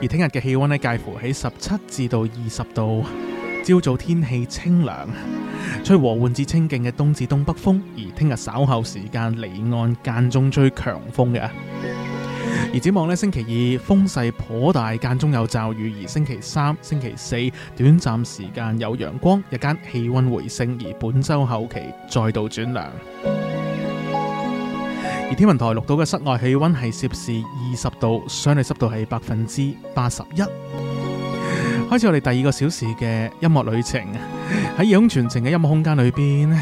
而聽日嘅氣溫咧介乎喺十七至到二十度。朝早天氣清涼，吹和緩至清勁嘅東至東北風，而聽日稍後時間離岸間中吹強風嘅。而展望咧，星期二風勢頗大，間中有驟雨；而星期三、星期四短暫時間有陽光，日間氣溫回升。而本周後期再度轉涼。而天文台錄到嘅室外氣溫係攝氏二十度，相對濕度係百分之八十一。開始我哋第二個小時嘅音樂旅程，喺《夜空傳情》嘅音樂空間裏邊，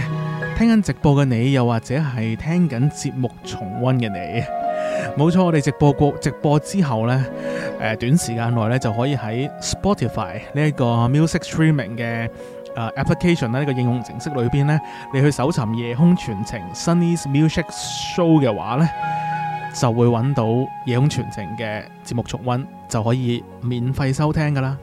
聽緊直播嘅你，又或者係聽緊節目重溫嘅你。冇錯，我哋直播過，直播之後呢，誒、呃，短時間內就可以喺 Spotify 呢一個 music streaming 嘅、呃、application 呢個應用程式裏邊呢，你去搜尋夜空傳情 Sunny’s Music Show 嘅話呢，就會揾到夜空傳情嘅節目重溫，就可以免費收聽噶啦。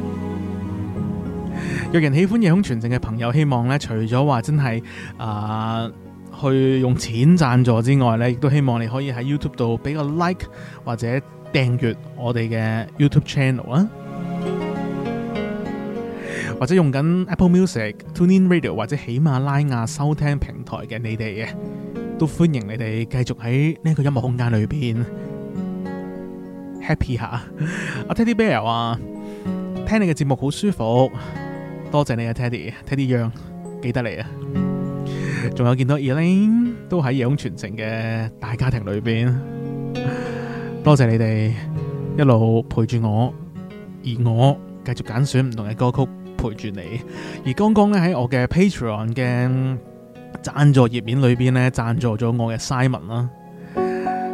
若然喜歡夜空傳情嘅朋友，希望呢除咗話真係啊～、呃去用錢贊助之外呢，亦都希望你可以喺 YouTube 度俾個 like 或者訂閱我哋嘅 YouTube channel 啊，或者用緊 Apple Music、TuneIn Radio 或者喜馬拉雅收聽平台嘅你哋啊，都歡迎你哋繼續喺呢個音樂空間裏邊 happy 吓。阿 Teddy Bear 啊，聽你嘅節目好舒服，多謝你啊 Teddy，Teddy Young，記得你啊。仲有見到 Elaine 都喺夜空傳情嘅大家庭裏邊，多謝你哋一路陪住我，而我繼續揀選唔同嘅歌曲陪住你。而剛剛咧喺我嘅 Patreon 嘅贊助頁面裏邊咧，贊助咗我嘅 Simon 啦。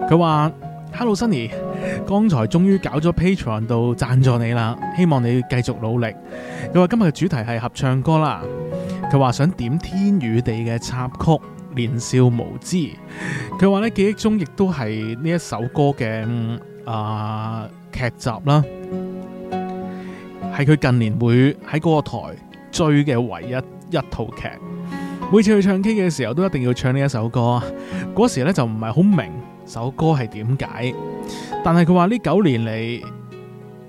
佢話：Hello Sunny，剛才終於搞咗 Patreon 度贊助你啦，希望你繼續努力。佢話今日嘅主題係合唱歌啦。佢話想點《天與地》嘅插曲《年少無知》。佢話呢，記憶中亦都係呢一首歌嘅啊，劇集啦，係佢近年會喺嗰個台追嘅唯一一套劇。每次去唱 K 嘅時候都一定要唱呢一首歌。嗰時呢就唔係好明首歌係點解，但係佢話呢，九年嚟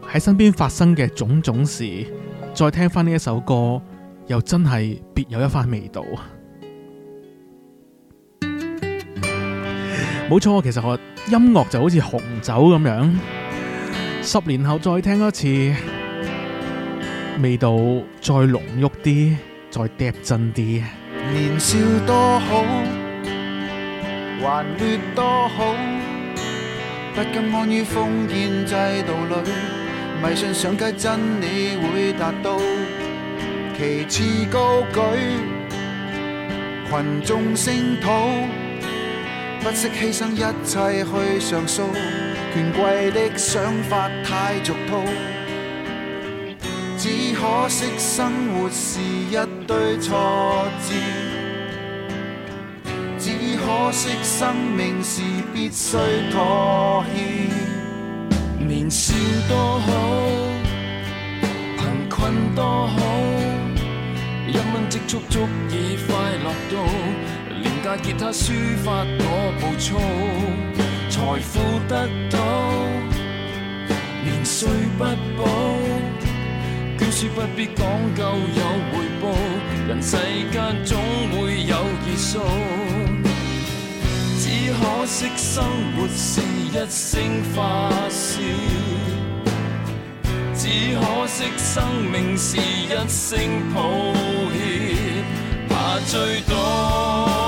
喺身邊發生嘅種種事，再聽翻呢一首歌，又真係別有一番味道。冇錯，其實我音樂就好似紅酒咁樣，十年後再聽一次，味道再濃郁啲，再釀真啲。年少多好，頑劣多好，不甘安於封建制度裏，迷信上街真理會達到。旗幟高舉，群眾聲討，不惜犧牲一切去上訴。權貴的想法太俗套，只可惜生活是一堆挫折，只可惜生命是必須妥協。 年少多好，貧困多好。積蓄足以快樂到，連架吉他抒發我暴躁。財富得到，年歲不保，捐書不必講究有回報，人世間總會有耶穌。只可惜生活是一聲發笑，只可惜生命是一聲抱歉。最多。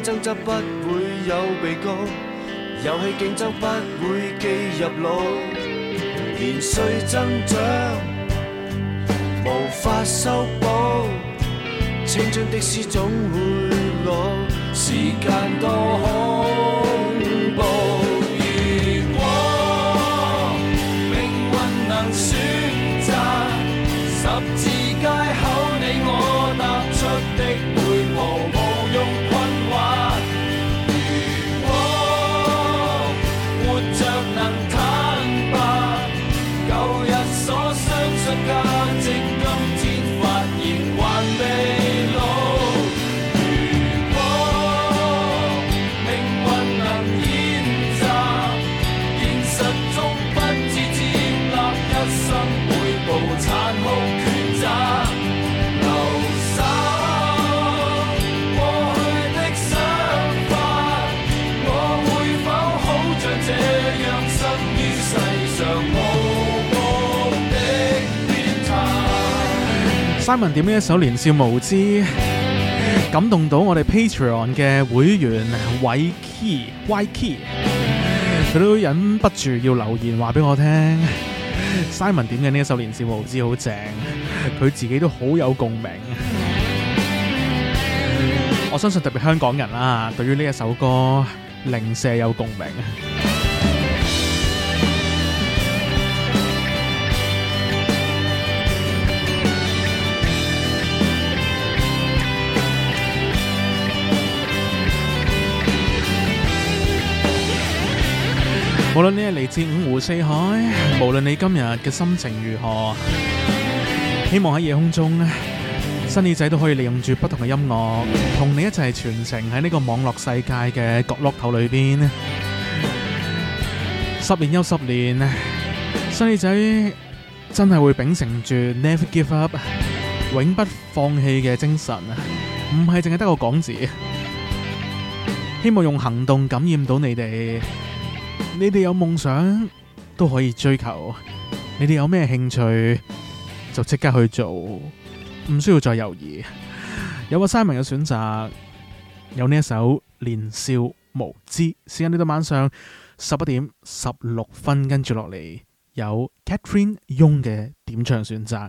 爭執不會有被告，遊戲競爭不會記入腦，年歲增長無法修補，青春的詩總會老，時間多恐怖。Simon 點呢一首《年少無知》，感動到我哋 Patreon 嘅會員 Y Key，Y Key，佢都忍不住要留言話俾我聽。Simon 點嘅呢一首《年少無知》好正，佢自己都好有共鳴。我相信特別香港人啦，對於呢一首歌，零舍有共鳴。無論你係嚟自五湖四海，無論你今日嘅心情如何，希望喺夜空中，Sunny 仔都可以利用住不同嘅音樂，同你一齊傳承喺呢個網絡世界嘅角落頭裏邊。十年又十年，Sunny 仔真係會秉承住 Never Give Up，永不放棄嘅精神，唔係淨係得個講字，希望用行動感染到你哋。你哋有夢想都可以追求，你哋有咩興趣就即刻去做，唔需要再猶豫。有個 Simon 嘅選擇，有呢一首《年少無知》，時間呢到晚上十一點十六分，跟住落嚟有 Catherine Yung 嘅點唱選擇。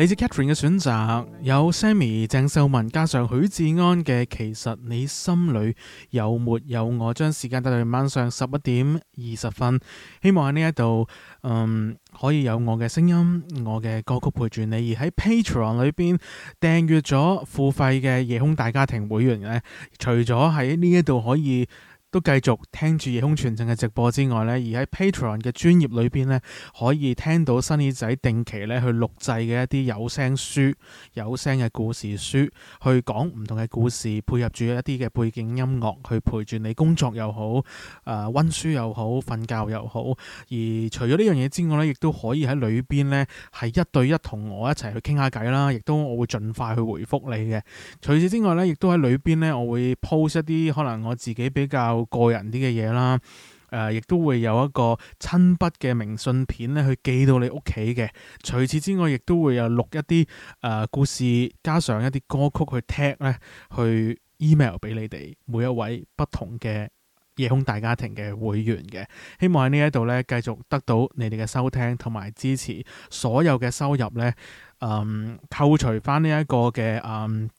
你是 Catherine 嘅選擇，有 Sammy、鄭秀文加上許志安嘅，其實你心裏有沒有我？將時間帶到晚上十一點二十分，希望喺呢一度，嗯，可以有我嘅聲音、我嘅歌曲陪住你。而喺 Patreon 裏邊訂閱咗付費嘅夜空大家庭會員除咗喺呢一度可以。都繼續聽住夜空傳情嘅直播之外呢，而喺 Patreon 嘅專頁裏面呢，呢可以聽到新耳仔定期呢去錄製嘅一啲有聲書、有聲嘅故事書，去講唔同嘅故事，配合住一啲嘅背景音樂，去陪住你工作又好，溫、呃、溫書又好、瞓覺又好。而除咗呢樣嘢之外呢亦都可以喺裏面呢係一對一同我一齊去傾下偈啦。亦都我會盡快去回覆你嘅。除此之外呢亦都喺裏邊呢，我會 post 一啲可能我自己比較。個人啲嘅嘢啦，誒、呃，亦都會有一個親筆嘅明信片咧，去寄到你屋企嘅。除此之外，亦都會有錄一啲誒、呃、故事，加上一啲歌曲去聽咧，去 email 俾你哋每一位不同嘅夜空大家庭嘅會員嘅。希望喺呢一度咧，繼續得到你哋嘅收聽同埋支持，所有嘅收入咧，嗯，扣除翻呢一個嘅嗯。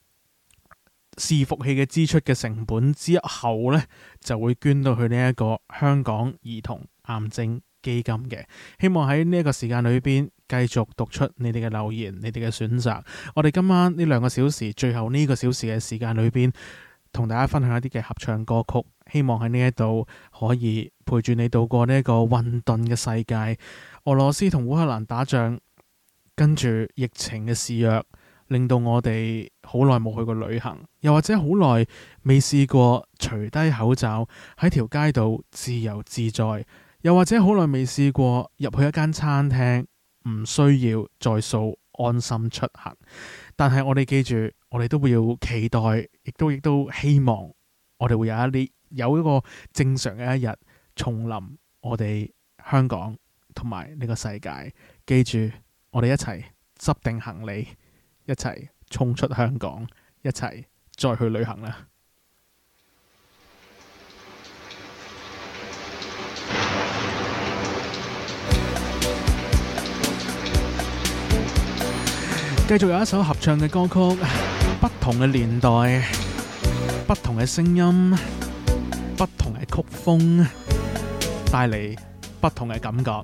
伺服器嘅支出嘅成本之後咧，就會捐到去呢一個香港兒童癌症基金嘅。希望喺呢一個時間裏邊，繼續讀出你哋嘅留言、你哋嘅選擇。我哋今晚呢兩個小時，最後呢個小時嘅時間裏邊，同大家分享一啲嘅合唱歌曲。希望喺呢一度可以陪住你度過呢一個混沌嘅世界。俄羅斯同烏克蘭打仗，跟住疫情嘅肆虐，令到我哋。好耐冇去過旅行，又或者好耐未試過除低口罩喺條街度自由自在，又或者好耐未試過入去一間餐廳，唔需要再掃安心出行。但係我哋記住，我哋都會要期待，亦都亦都希望我哋會有一啲有一個正常嘅一日重臨我哋香港同埋呢個世界。記住，我哋一齊執定行李，一齊，衝出香港，一齊再去旅行啦！繼續有一首合唱嘅歌曲，不同嘅年代，不同嘅聲音，不同嘅曲風，帶嚟不同嘅感覺。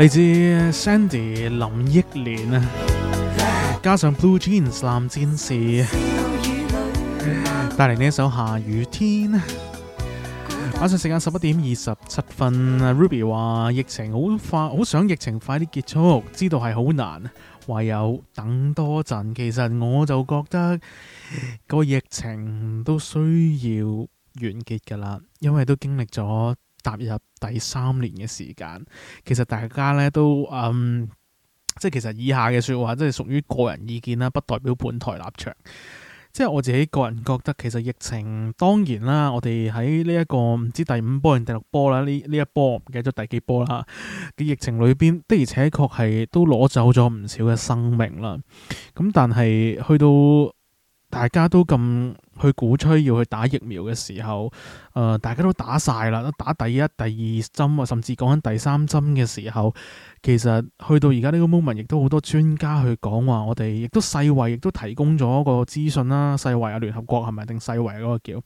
嚟自 Sandy 林憶蓮啊，加上 Blue Jeans 藍戰士，帶嚟呢一首下雨天。晚上時間十一點二十七分，Ruby 話疫情好快，好想疫情快啲結束，知道係好難，唯有等多陣。其實我就覺得個疫情都需要完結㗎喇，因為都經歷咗。踏入第三年嘅時間，其實大家咧都嗯，即係其實以下嘅說話，即係屬於個人意見啦，不代表本台立場。即係我自己個人覺得，其實疫情當然啦，我哋喺呢一個唔知第五波定第六波啦，呢呢一波唔記得咗第幾波啦。嘅疫情裏邊的而且確係都攞走咗唔少嘅生命啦。咁但係去到大家都咁。去鼓吹要去打疫苗嘅時候，誒、呃，大家都打晒啦，打第一、第二針啊，甚至講緊第三針嘅時候，其實去到而家呢個 moment 亦都好多專家去講話，我哋亦都世衛亦都提供咗個資訊啦，世衛啊，聯合國係咪定世衛嗰個叫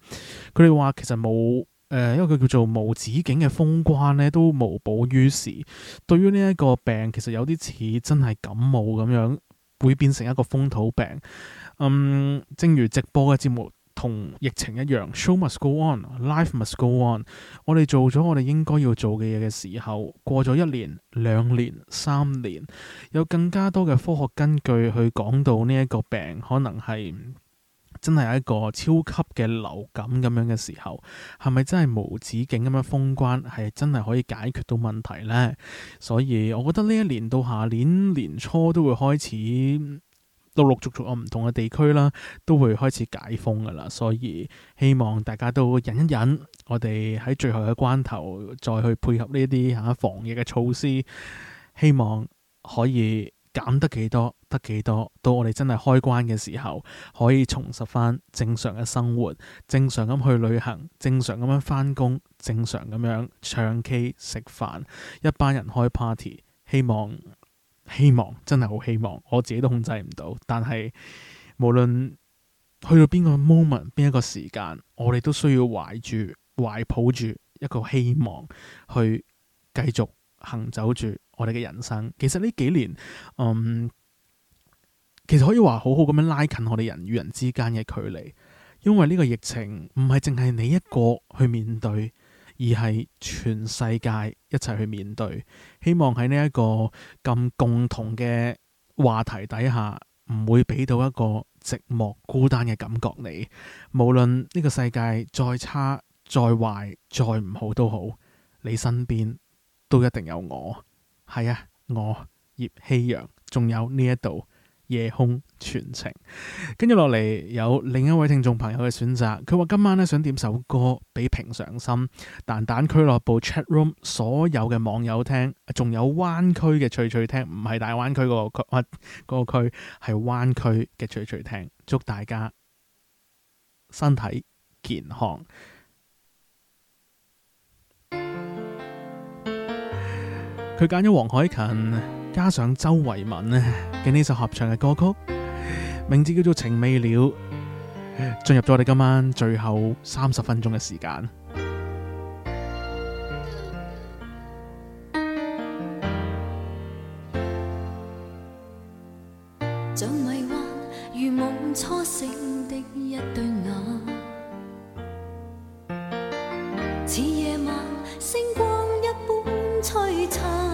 佢哋話，其實無誒，因為佢叫做無止境嘅封關咧，都無補於事。對於呢一個病，其實有啲似真係感冒咁樣，會變成一個風土病。嗯，正如直播嘅節目。同疫情一樣，show must go on，life must go on。我哋做咗我哋應該要做嘅嘢嘅時候，過咗一年、兩年、三年，有更加多嘅科學根據去講到呢一個病可能係真係一個超級嘅流感咁樣嘅時候，係咪真係無止境咁樣封關，係真係可以解決到問題呢？所以，我覺得呢一年到下年年初都會開始。陸陸續續有唔同嘅地區啦，都會開始解封噶啦，所以希望大家都忍一忍，我哋喺最後嘅關頭再去配合呢啲嚇防疫嘅措施，希望可以減得幾多得幾多，到我哋真係開關嘅時候，可以重拾翻正常嘅生活，正常咁去旅行，正常咁樣返工，正常咁樣唱 K 食飯，一班人開 party，希望。希望真係好希望，我自己都控制唔到。但係無論去到邊個 moment，邊一個時間，我哋都需要懷住、懷抱住一個希望，去繼續行走住我哋嘅人生。其實呢幾年，嗯，其實可以話好好咁樣拉近我哋人與人之間嘅距離，因為呢個疫情唔係淨係你一個去面對。而係全世界一齊去面對，希望喺呢一個咁共同嘅話題底下，唔會俾到一個寂寞孤單嘅感覺你。無論呢個世界再差、再壞、再唔好都好，你身邊都一定有我。係啊，我葉希陽，仲有呢一度。夜空傳情，跟住落嚟有另一位聽眾朋友嘅選擇。佢話今晚呢，想點首歌俾平常心蛋蛋俱樂部 chatroom 所有嘅網友聽，仲有灣區嘅脆脆聽，唔係大灣區嗰個區，嗰個區係灣區嘅脆脆聽，祝大家身體健康。佢揀咗黃海芹。加上周慧敏嘅呢首合唱嘅歌曲，名字叫做《情未了》，進入咗我哋今晚最後三十分鐘嘅時間。像迷幻如夢初醒的一對眼，似夜晚星光一般璀璨。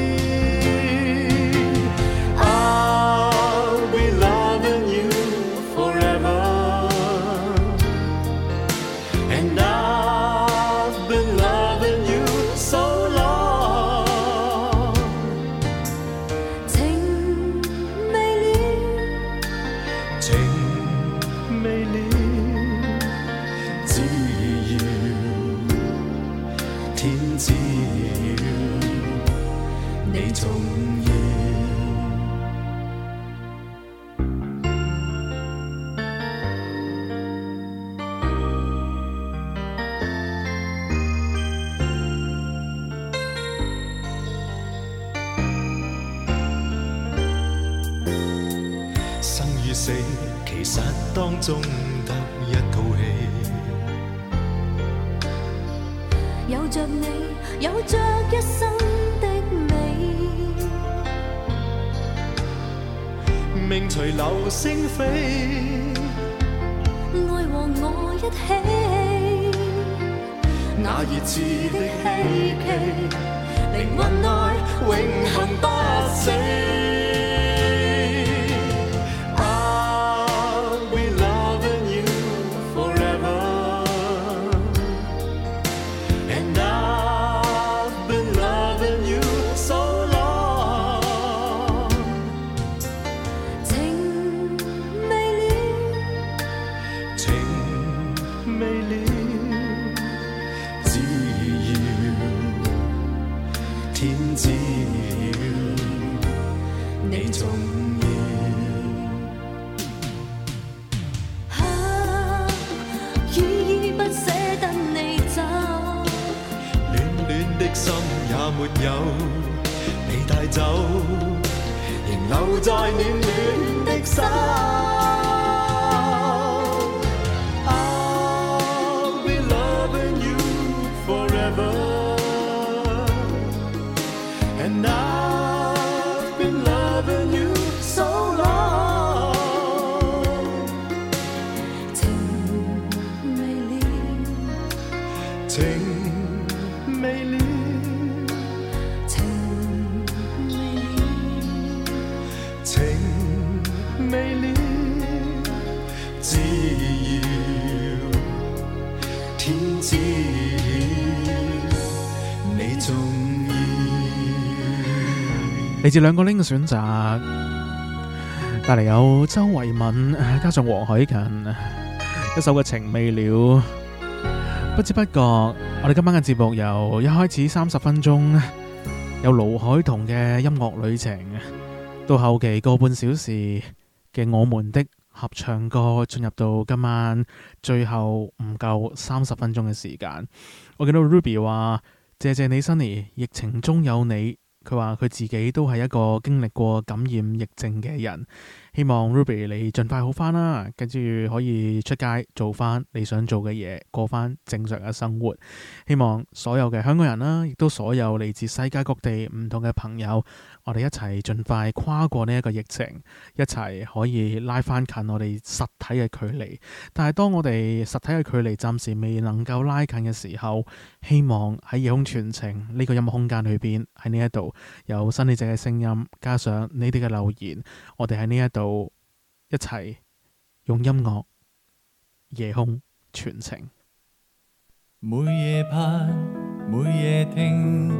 至兩個拎嘅選擇，帶嚟有周慧敏，加上黃凱芹，一首嘅情未了。不知不覺，我哋今晚嘅節目由一開始三十分鐘，有盧凱彤嘅音樂旅程，到後期個半小時嘅我們的合唱歌，進入到今晚最後唔夠三十分鐘嘅時間。我見到 Ruby 話：謝謝你，Sunny，疫情中有你。佢話佢自己都係一個經歷過感染疫症嘅人，希望 Ruby 你盡快好翻啦，跟住可以出街做翻你想做嘅嘢，過翻正常嘅生活。希望所有嘅香港人啦，亦都所有嚟自世界各地唔同嘅朋友。我哋一齊盡快跨過呢一個疫情，一齊可以拉翻近我哋實體嘅距離。但係當我哋實體嘅距離暫時未能夠拉近嘅時候，希望喺夜空傳情呢個音樂空間裏邊，喺呢一度有新記者嘅聲音，加上你哋嘅留言，我哋喺呢一度一齊用音樂夜空傳情。每夜拍，每夜聽。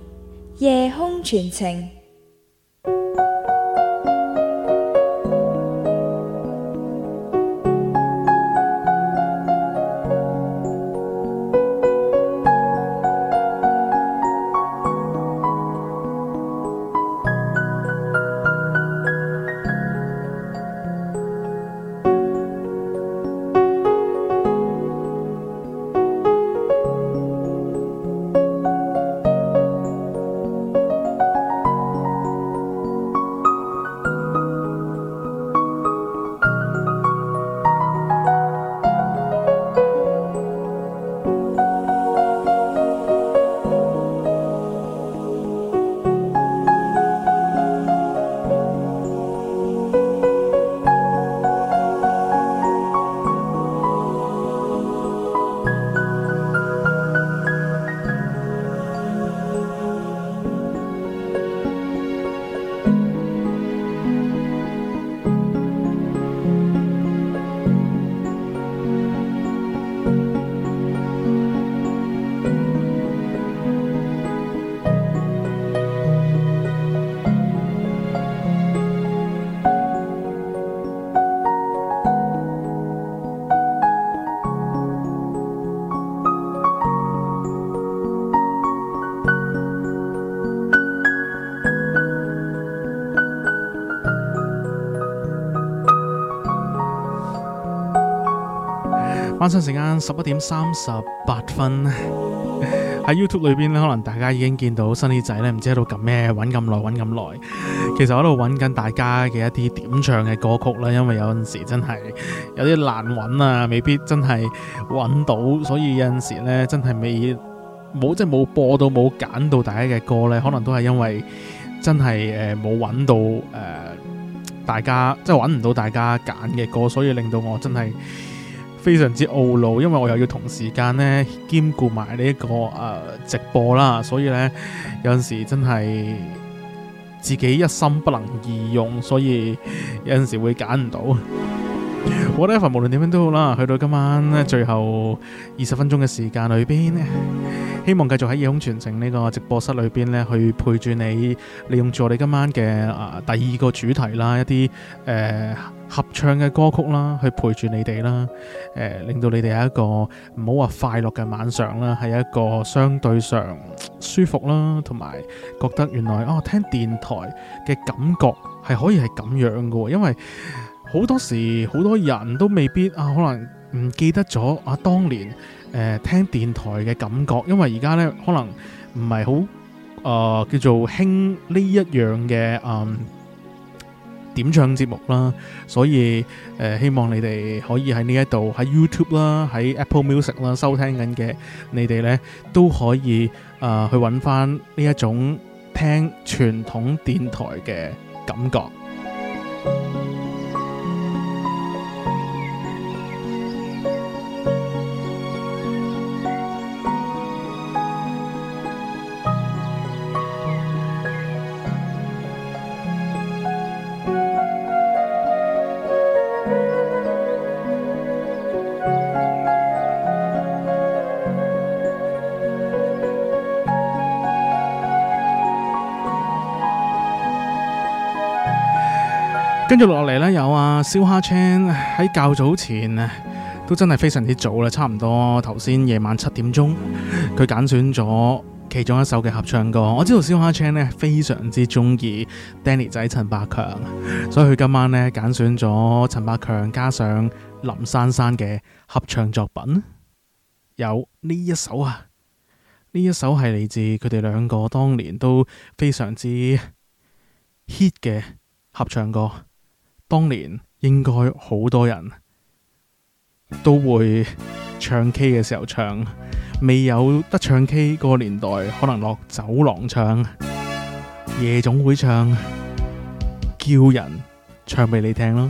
夜空傳情。晚上時間十一點三十八分喺 YouTube 裏邊咧，可能大家已經見到 Sunny 仔咧，唔知喺度撳咩，搵咁耐搵咁耐。其實我喺度搵緊大家嘅一啲點唱嘅歌曲啦，因為有陣時真係有啲難搵啊，未必真係搵到，所以有陣時咧真係未冇即係冇播到冇揀到大家嘅歌咧，可能都係因為真係誒冇搵到誒、呃、大家即係搵唔到大家揀嘅歌，所以令到我真係。非常之懊惱，因為我又要同時間呢兼顧埋呢一個誒、呃、直播啦，所以呢，有陣時真係自己一心不能二用，所以有陣時候會揀唔到。我呢份無論點樣都好啦，去到今晚呢最後二十分鐘嘅時間裏邊。希望繼續喺夜空傳情呢個直播室裏邊咧，去陪住你，利用住我哋今晚嘅、啊、第二個主題啦，一啲誒、呃、合唱嘅歌曲啦，去陪住你哋啦，誒、呃、令到你哋有一個唔好話快樂嘅晚上啦，係一個相對上舒服啦，同埋覺得原來哦、啊、聽電台嘅感覺係可以係咁樣嘅，因為好多時好多人都未必啊，可能唔記得咗啊當年。誒，聽電台嘅感覺，因為而家呢，可能唔係好誒，叫做興呢一樣嘅誒、嗯、點唱節目啦，所以誒、呃、希望你哋可以喺呢一度喺 YouTube 啦，喺 Apple Music 啦收聽緊嘅，你哋呢都可以誒、呃、去揾翻呢一種聽傳統電台嘅感覺。跟住落嚟咧，有啊，燒蝦 Chan 喺較早前啊，都真係非常之早啦，差唔多頭先夜晚七點鐘，佢揀選咗其中一首嘅合唱歌。我知道燒蝦 Chan 呢非常之中意 Danny 仔陳百強，所以佢今晚呢，揀選咗陳百強加上林珊珊嘅合唱作品，有呢一首啊，呢一首係嚟自佢哋兩個當年都非常之 hit 嘅合唱歌。當年應該好多人都會唱 K 嘅時候唱，未有得唱 K 嗰個年代，可能落酒廊唱、夜總會唱，叫人唱俾你聽咯。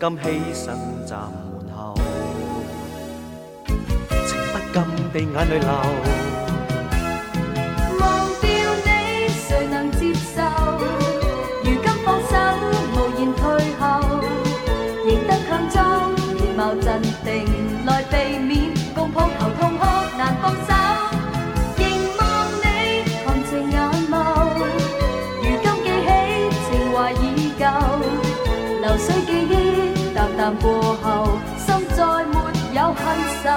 今起身站門口，情不禁地眼淚流。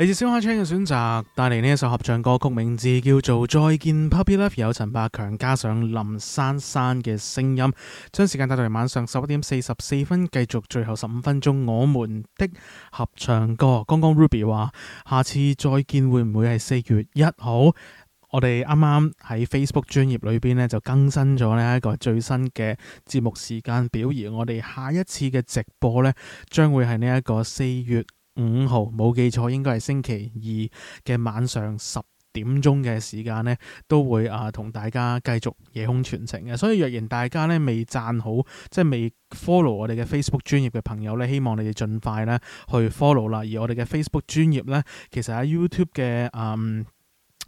嚟自小卡車嘅選擇帶嚟呢一首合唱歌曲，名字叫做《再見 Puppy Love》，有陳百強加上林珊珊嘅聲音。將時間帶到嚟晚上十一點四十四分，繼續最後十五分鐘我們的合唱歌。剛剛 Ruby 話，下次再見會唔會係四月一號？我哋啱啱喺 Facebook 專業裏邊呢就更新咗呢一個最新嘅節目時間表，而我哋下一次嘅直播呢，將會係呢一個四月。五號冇記錯，應該係星期二嘅晚上十點鐘嘅時間呢，都會啊同大家繼續夜空傳情嘅。所以若然大家呢未讚好，即係未 follow 我哋嘅 Facebook 專頁嘅朋友呢，希望你哋盡快呢去 follow 啦。而我哋嘅 Facebook 專頁呢，其實喺 YouTube 嘅、嗯、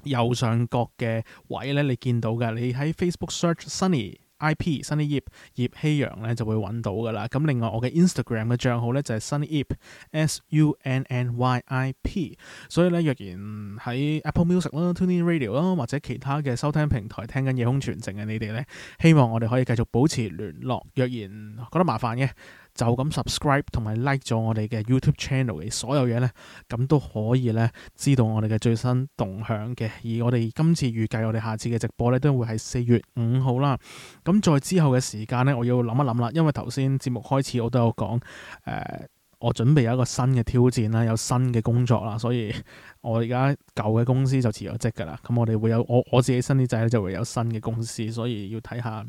右上角嘅位呢，你見到嘅。你喺 Facebook search Sunny。I P Sunny Ip 葉希陽，咧就會揾到㗎喇，咁另外我嘅 Instagram 嘅帳號咧就係 Sunny Ip S U N N Y I P，所以咧若然喺 Apple Music 啦、TuneIn Radio 啦或者其他嘅收聽平台聽緊夜空傳情嘅你哋咧，希望我哋可以繼續保持聯絡。若然覺得麻煩嘅，就咁 subscribe 同埋 like 咗我哋嘅 YouTube channel 嘅所有嘢呢，咁都可以呢知道我哋嘅最新動向嘅。而我哋今次預計我哋下次嘅直播呢都會係四月五號啦。咁在之後嘅時間呢，我要諗一諗啦。因為頭先節目開始我都有講，呃，我準備有一個新嘅挑戰啦，有新嘅工作啦，所以我而家舊嘅公司就辭咗職噶啦。咁我哋會有我我自己新啲仔咧，就會有新嘅公司，所以要睇下。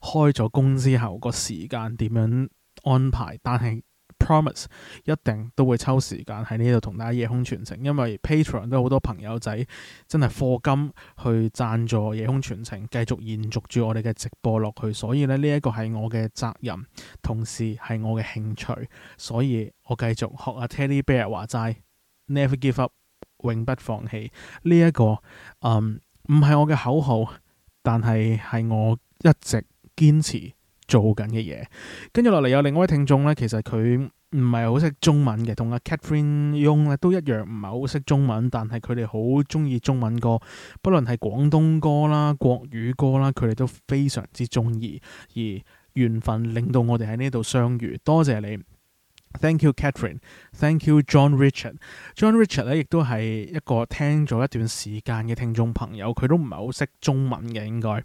開咗工之後個時間點樣安排？但係 promise 一定都會抽時間喺呢度同大家夜空傳情，因為 patron 都好多朋友仔真係課金去贊助夜空傳情，繼續延續住我哋嘅直播落去。所以呢，呢一個係我嘅責任，同時係我嘅興趣。所以我繼續學阿 Teddy Bear 話齋，Never give up，永不放棄。呢一個嗯唔係我嘅口號，但係係我。一直堅持做緊嘅嘢，跟住落嚟有另外一位聽眾呢，其實佢唔係好識中文嘅，同阿 Catherine Yong 都一樣唔係好識中文，但係佢哋好中意中文歌，不論係廣東歌啦、國語歌啦，佢哋都非常之中意。而緣分令到我哋喺呢度相遇，多謝你，Thank you Catherine，Thank you John Richard，John Richard 呢亦都係一個聽咗一段時間嘅聽眾朋友，佢都唔係好識中文嘅應該。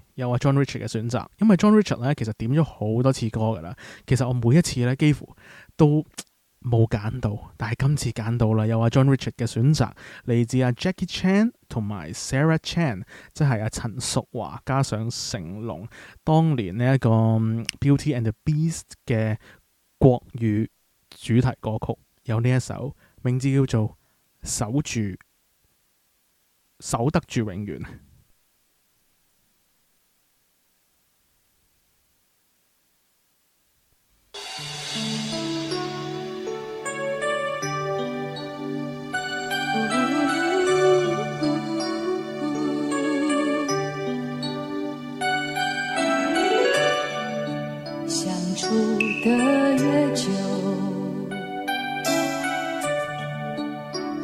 又話 John Richard 嘅選擇，因為 John Richard 咧，其實點咗好多次歌噶啦，其實我每一次咧幾乎都冇揀到，但係今次揀到啦，又話 John Richard 嘅選擇嚟自阿 Jackie Chan 同埋 Sarah Chan，即係阿陳淑華加上成龍當年呢一個 Beauty and the Beast 嘅國語主題歌曲，有呢一首名字叫做守住守得住永遠。的越久，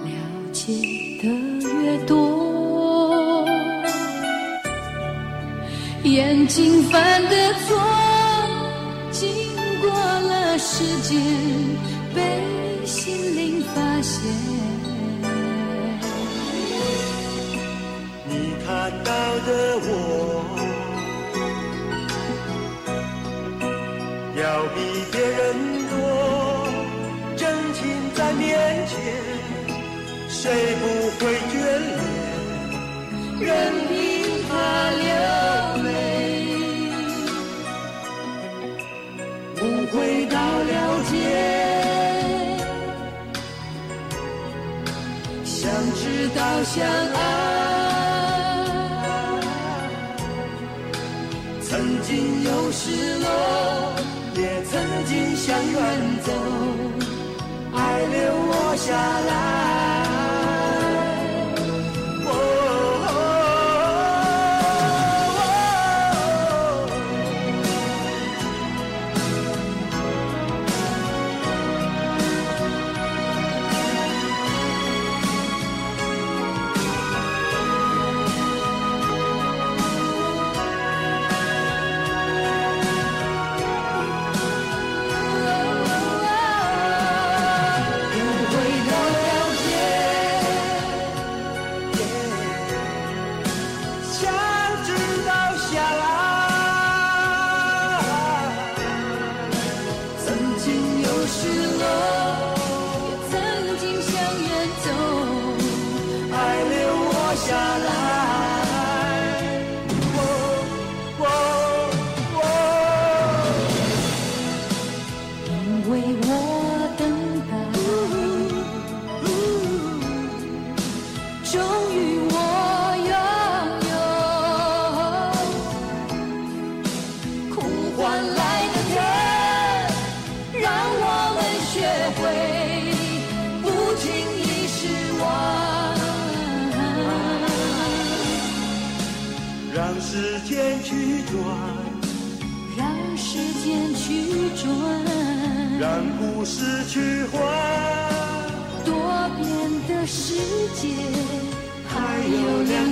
了解的越多，眼睛犯的錯，經過了時間，被心靈發現。你看到的我。要比別人多，真情在面前，誰不會眷戀？任憑他流淚，誤會到了解，相知到相愛，曾經有失落。想遠走，愛留我下來。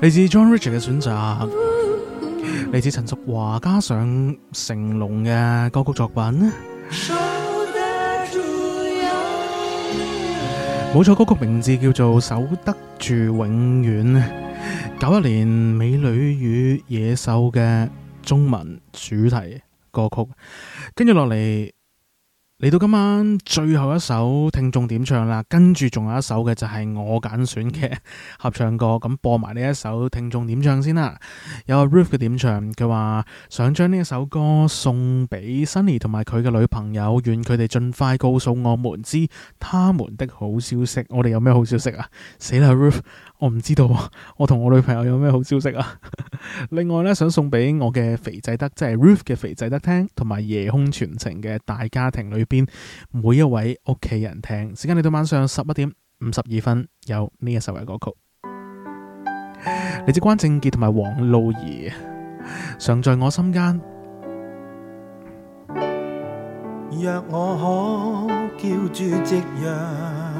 嚟自 John Richard 嘅選擇，嚟自陳淑華加上成龍嘅歌曲作品。冇錯，歌曲名字叫做《守得住永遠》，九一年《美女與野獸》嘅中文主題歌曲。跟住落嚟。嚟到今晚最後一首聽眾點唱啦，跟住仲有一首嘅就係我揀選嘅合唱歌，咁播埋呢一首聽眾點唱先啦。有阿 Ruth 嘅點唱，佢話想將呢一首歌送俾 Sunny 同埋佢嘅女朋友，願佢哋盡快告訴我們知他們的好消息。我哋有咩好消息啊？死啦 Ruth！我唔知道我同我女朋友有咩好消息啊？ 另外呢，想送俾我嘅肥仔得，即係 Ruth 嘅肥仔得，聽，同埋夜空全程嘅大家庭裏邊每一位屋企人聽。時間嚟到晚上十一點五十二分，有呢一首嘅歌曲。你只 關正傑同埋黃露儀，常在我心間。若我可叫住夕陽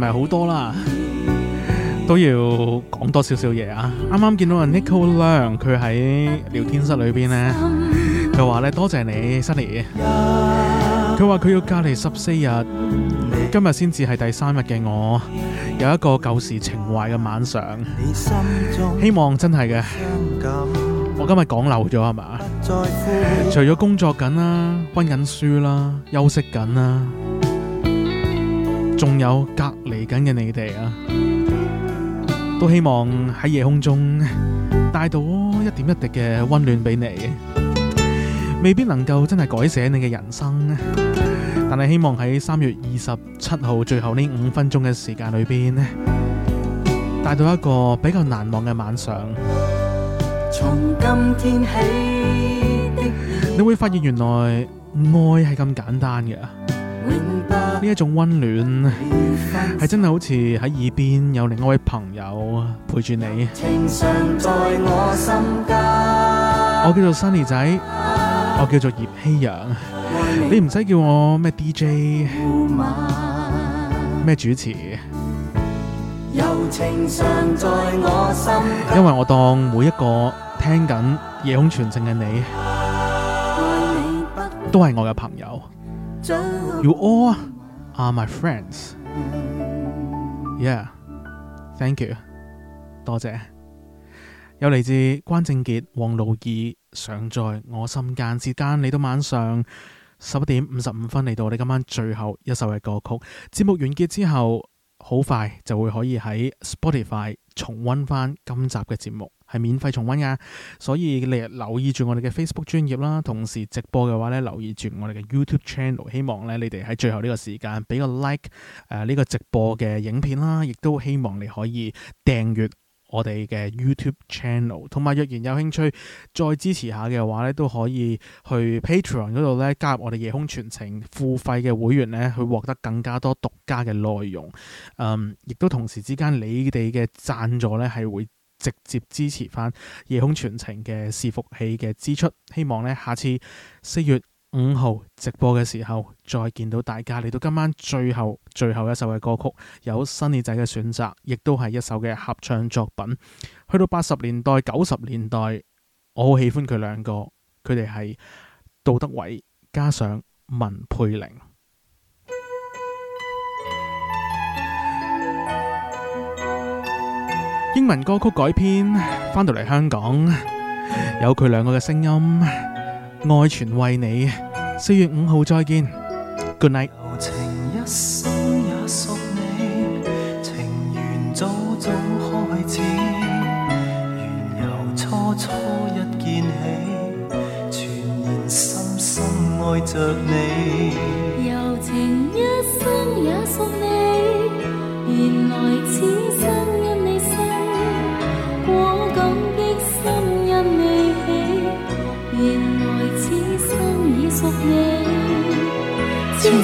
唔係好多啦，都要講多少少嘢啊！啱啱見到阿 Nicole 亮，佢喺聊天室裏邊、嗯、呢。佢話咧多謝你，Sunny。佢話佢要隔離十四日，今日先至係第三日嘅我、嗯，有一個舊時情懷嘅晚上。希望真係嘅，我今日講漏咗係嘛？除咗工作緊啦，溫緊書啦，休息緊啦，仲有緊嘅你哋啊，都希望喺夜空中帶到一點一滴嘅溫暖俾你，未必能夠真係改寫你嘅人生，但係希望喺三月二十七號最後呢五分鐘嘅時間裏邊，帶到一個比較難忘嘅晚上。你會發現原來愛係咁簡單嘅。呢一種溫暖，係真係好似喺耳邊有另外一位朋友陪住你我我、啊。我叫做 Sunny 仔，我叫做葉希陽，你唔使叫我咩 DJ，咩主持，因為我當每一個聽緊《夜空傳情》嘅你，啊、都係我嘅朋友。You all are my friends. Yeah, thank you，多謝。有嚟自關正傑、黃露儀常在我心間，時間嚟到晚上十一點五十五分。嚟到我哋今晚最後一首嘅歌曲。節目完結之後，好快就會可以喺 Spotify 重温翻今集嘅節目。係免費重溫噶，所以你留意住我哋嘅 Facebook 專頁啦，同時直播嘅話咧，留意住我哋嘅 YouTube channel。希望咧你哋喺最後呢個時間俾個 like 誒、呃、呢、呢個直播嘅影片啦，亦都希望你可以訂閱我哋嘅 YouTube channel，同埋若然有興趣再支持一下嘅話咧，都可以去 Patreon 嗰度咧加入我哋夜空全程付費嘅會員咧，去獲得更加多獨家嘅內容。嗯，亦都同時之間你哋嘅贊助咧係會。直接支持返《夜空傳情》嘅伺服器嘅支出，希望呢，下次四月五號直播嘅時候再見到大家。嚟到今晚最後最後一首嘅歌曲，有 Sunny 仔嘅選擇，亦都係一首嘅合唱作品。去到八十年代九十年代，我好喜歡佢兩個，佢哋係杜德偉加上文佩玲。英文歌曲改編，翻到嚟香港，有佢兩個嘅聲音，愛全為你。四月五號再見，Good night。情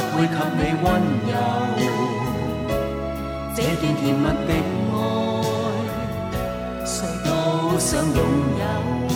不會給你溫柔，這段甜，甜蜜的愛，誰都想擁有。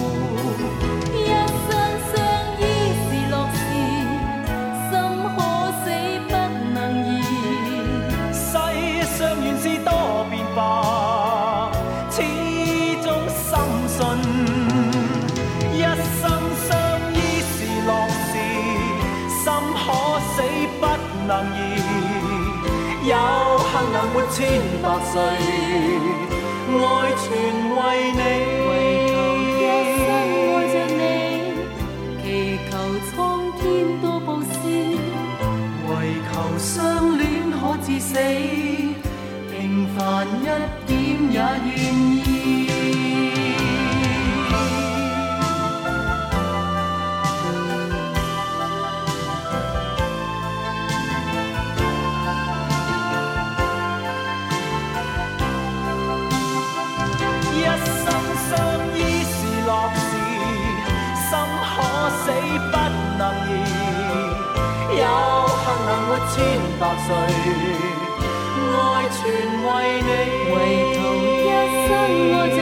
千百歲，愛全為你。為求夜夜愛着你，祈求蒼天多布施，唯求相戀可至死，平凡一點也願意。愛全為你，唯獨一生愛你。